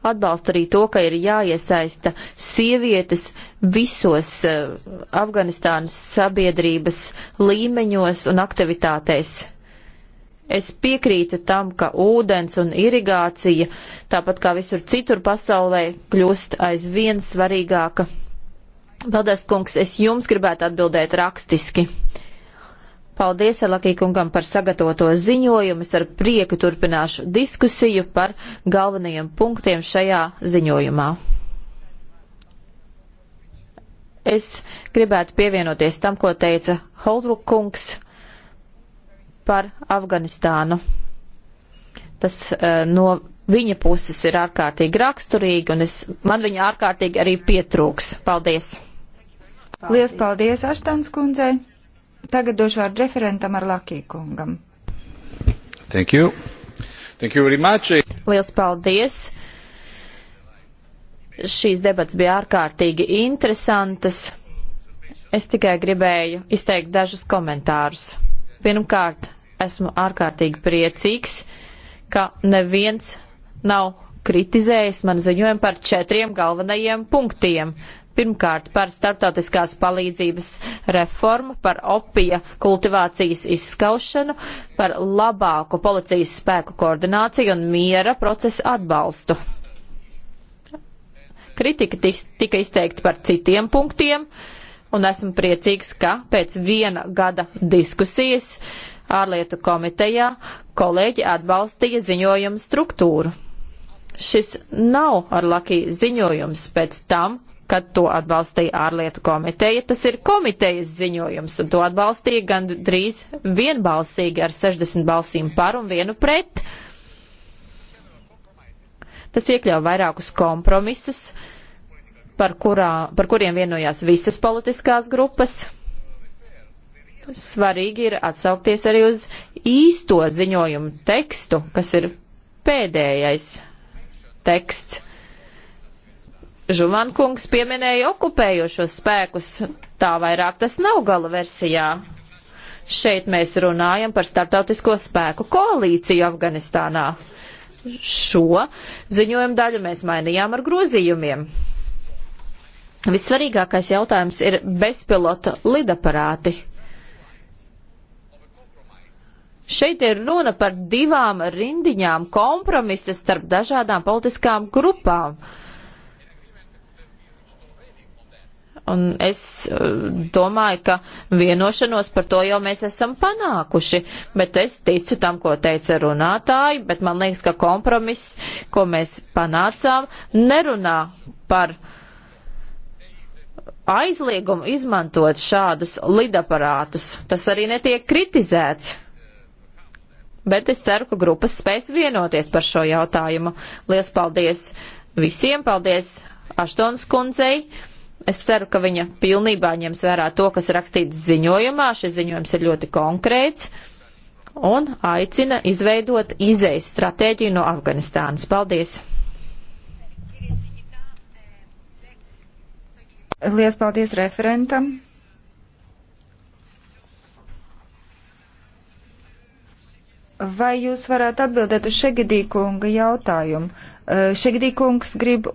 Atbalstu arī to, ka ir jāiesaista sievietes visos uh, Afganistānas sabiedrības līmeņos un aktivitātēs Es piekrītu tam, ka ūdens un irigācija, tāpat kā visur citur pasaulē, kļūst aizvien svarīgāka. Paldies, kungs, es jums gribētu atbildēt rakstiski. Paldies Elakī kungam par sagatavoto ziņojumu. Es ar prieku turpināšu diskusiju par galvenajiem punktiem šajā ziņojumā. Es gribētu pievienoties tam, ko teica Holdruk kungs par Afganistānu. Tas eh, no viņa puses ir ārkārtīgi raksturīgi, un es, man viņa ārkārtīgi arī pietrūks. Paldies! paldies. Lielas paldies Aštans kundzei! Tagad došu vārdu referentam ar Lakī kungam. Thank you. Thank you very much. Lielas paldies! Šīs debats bija ārkārtīgi interesantas. Es tikai gribēju izteikt dažus komentārus. Pirmkārt, esmu ārkārtīgi priecīgs, ka neviens nav kritizējis man ziņojumu par četriem galvenajiem punktiem. Pirmkārt, par starptautiskās palīdzības reformu, par opija kultivācijas izskaušanu, par labāku policijas spēku koordināciju un miera procesu atbalstu. Kritika tika izteikta par citiem punktiem, un esmu priecīgs, ka pēc viena gada diskusijas uh, Ārlietu komitejā kolēģi atbalstīja ziņojumu struktūru. Šis nav ar laki ziņojums pēc tam, kad to atbalstīja ārlietu komiteja. Tas ir komitejas ziņojums, un to atbalstīja gan drīz vienbalsīgi ar 60 balsīm par un vienu pret. Tas iekļauj vairākus kompromisus, par, kurā, par kuriem vienojās visas politiskās grupas svarīgi ir atsaukties arī uz īsto ziņojumu tekstu, kas ir pēdējais teksts. Žuvankungs pieminēja okupējošos spēkus, tā vairāk tas nav gala versijā. Šeit mēs runājam par starptautisko spēku koalīciju Afganistānā. Šo ziņojumu daļu mēs mainījām ar grozījumiem. Vissvarīgākais jautājums ir bezpilota lidaparāti. Šeit ir runa par divām rindiņām kompromisa starp dažādām politiskām grupām. Un es eh, domāju, ka vienošanos par to jau mēs esam panākuši, bet es ticu tam, ko teica runātāji, bet man liekas, ka kompromiss, ko mēs panācām, nerunā par aizliegumu izmantot šādus lidaparātus. Tas arī netiek kritizēts bet es ceru, ka grupas spēs vienoties par šo jautājumu. Lielas paldies visiem, paldies Aštons kundzei. Es ceru, ka viņa pilnībā ņems vērā to, kas rakstīts ziņojumā. Šis ziņojums ir ļoti konkrēts un aicina izveidot izējas stratēģiju no Afganistānas. Paldies! Lielas paldies referentam! Vai jūs varētu atbildēt uz Šegedīkunga jautājumu? Eh, Šegedīkungs grib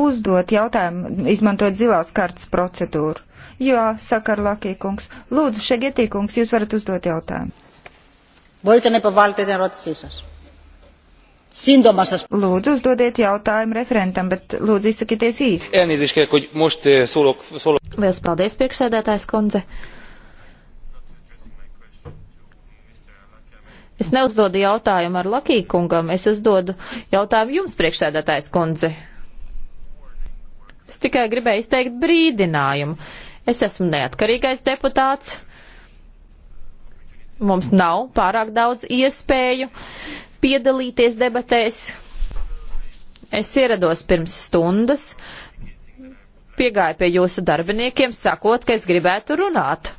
uzdot jautājumu, izmantot zilās kartas procedūru. Jā, saka Lakīkungs. Lūdzu, Šegedīkungs, jūs varat uzdot jautājumu. Μπορείτε να υποβάλλετε την ερώτησή σας. Σύντομα σας... Lūdzu, uzdodiet jautājumu referentam, bet lūdzu izsakieties īsi. Elnézést kérek, hogy most eh, szólok... szólok. Vēl paldies, priekšsēdētājs kundze. Uh, Es neuzdodu jautājumu ar Lakīkungam, es uzdodu jautājumu jums, priekšsēdētājs kundze. Es tikai gribēju izteikt brīdinājumu. Es esmu neatkarīgais deputāts. Mums nav pārāk daudz iespēju piedalīties debatēs. Es ierados pirms stundas, piegāju pie jūsu darbiniekiem, sakot, ka es gribētu runāt.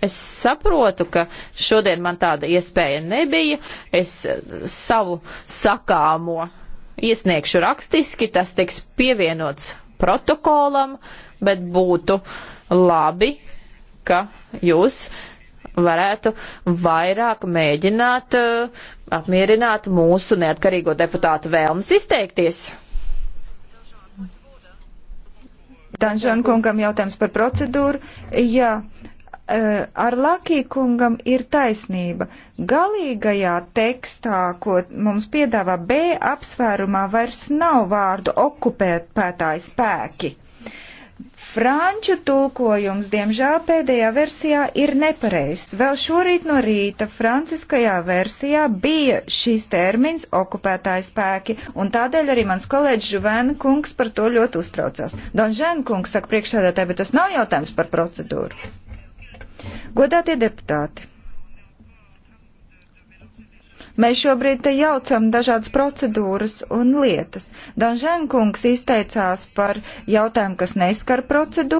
Es saprotu, ka šodien man tāda iespēja nebija. Es eh, savu sakāmo iesniegšu rakstiski, tas tiks pievienots protokolam, bet būtu labi, ka jūs varētu vairāk mēģināt uh, apmierināt mūsu neatkarīgo deputātu vēlmes izteikties. Danžan kungam jautājums par procedūru. Jā. Ja Eh, ar Lakī kungam ir taisnība. Galīgajā tekstā, ko mums piedāvā B apsvērumā, vairs nav vārdu okupētāji spēki. Franču tulkojums, diemžēl, pēdējā versijā ir nepareizs. Vēl šorīt no rīta franciskajā versijā bija šis termins okupētāji spēki, un tādēļ arī mans kolēģis Žuvēna kungs par to ļoti uztraucās. Donžēna kungs saka priekšsēdētāji, bet tas nav jautājums par procedūru. Godātie deputāti! Mēs šobrīd te jaucam dažādas procedūras un lietas. Danžēnkungs izteicās par jautājumu, kas neskar procedūru.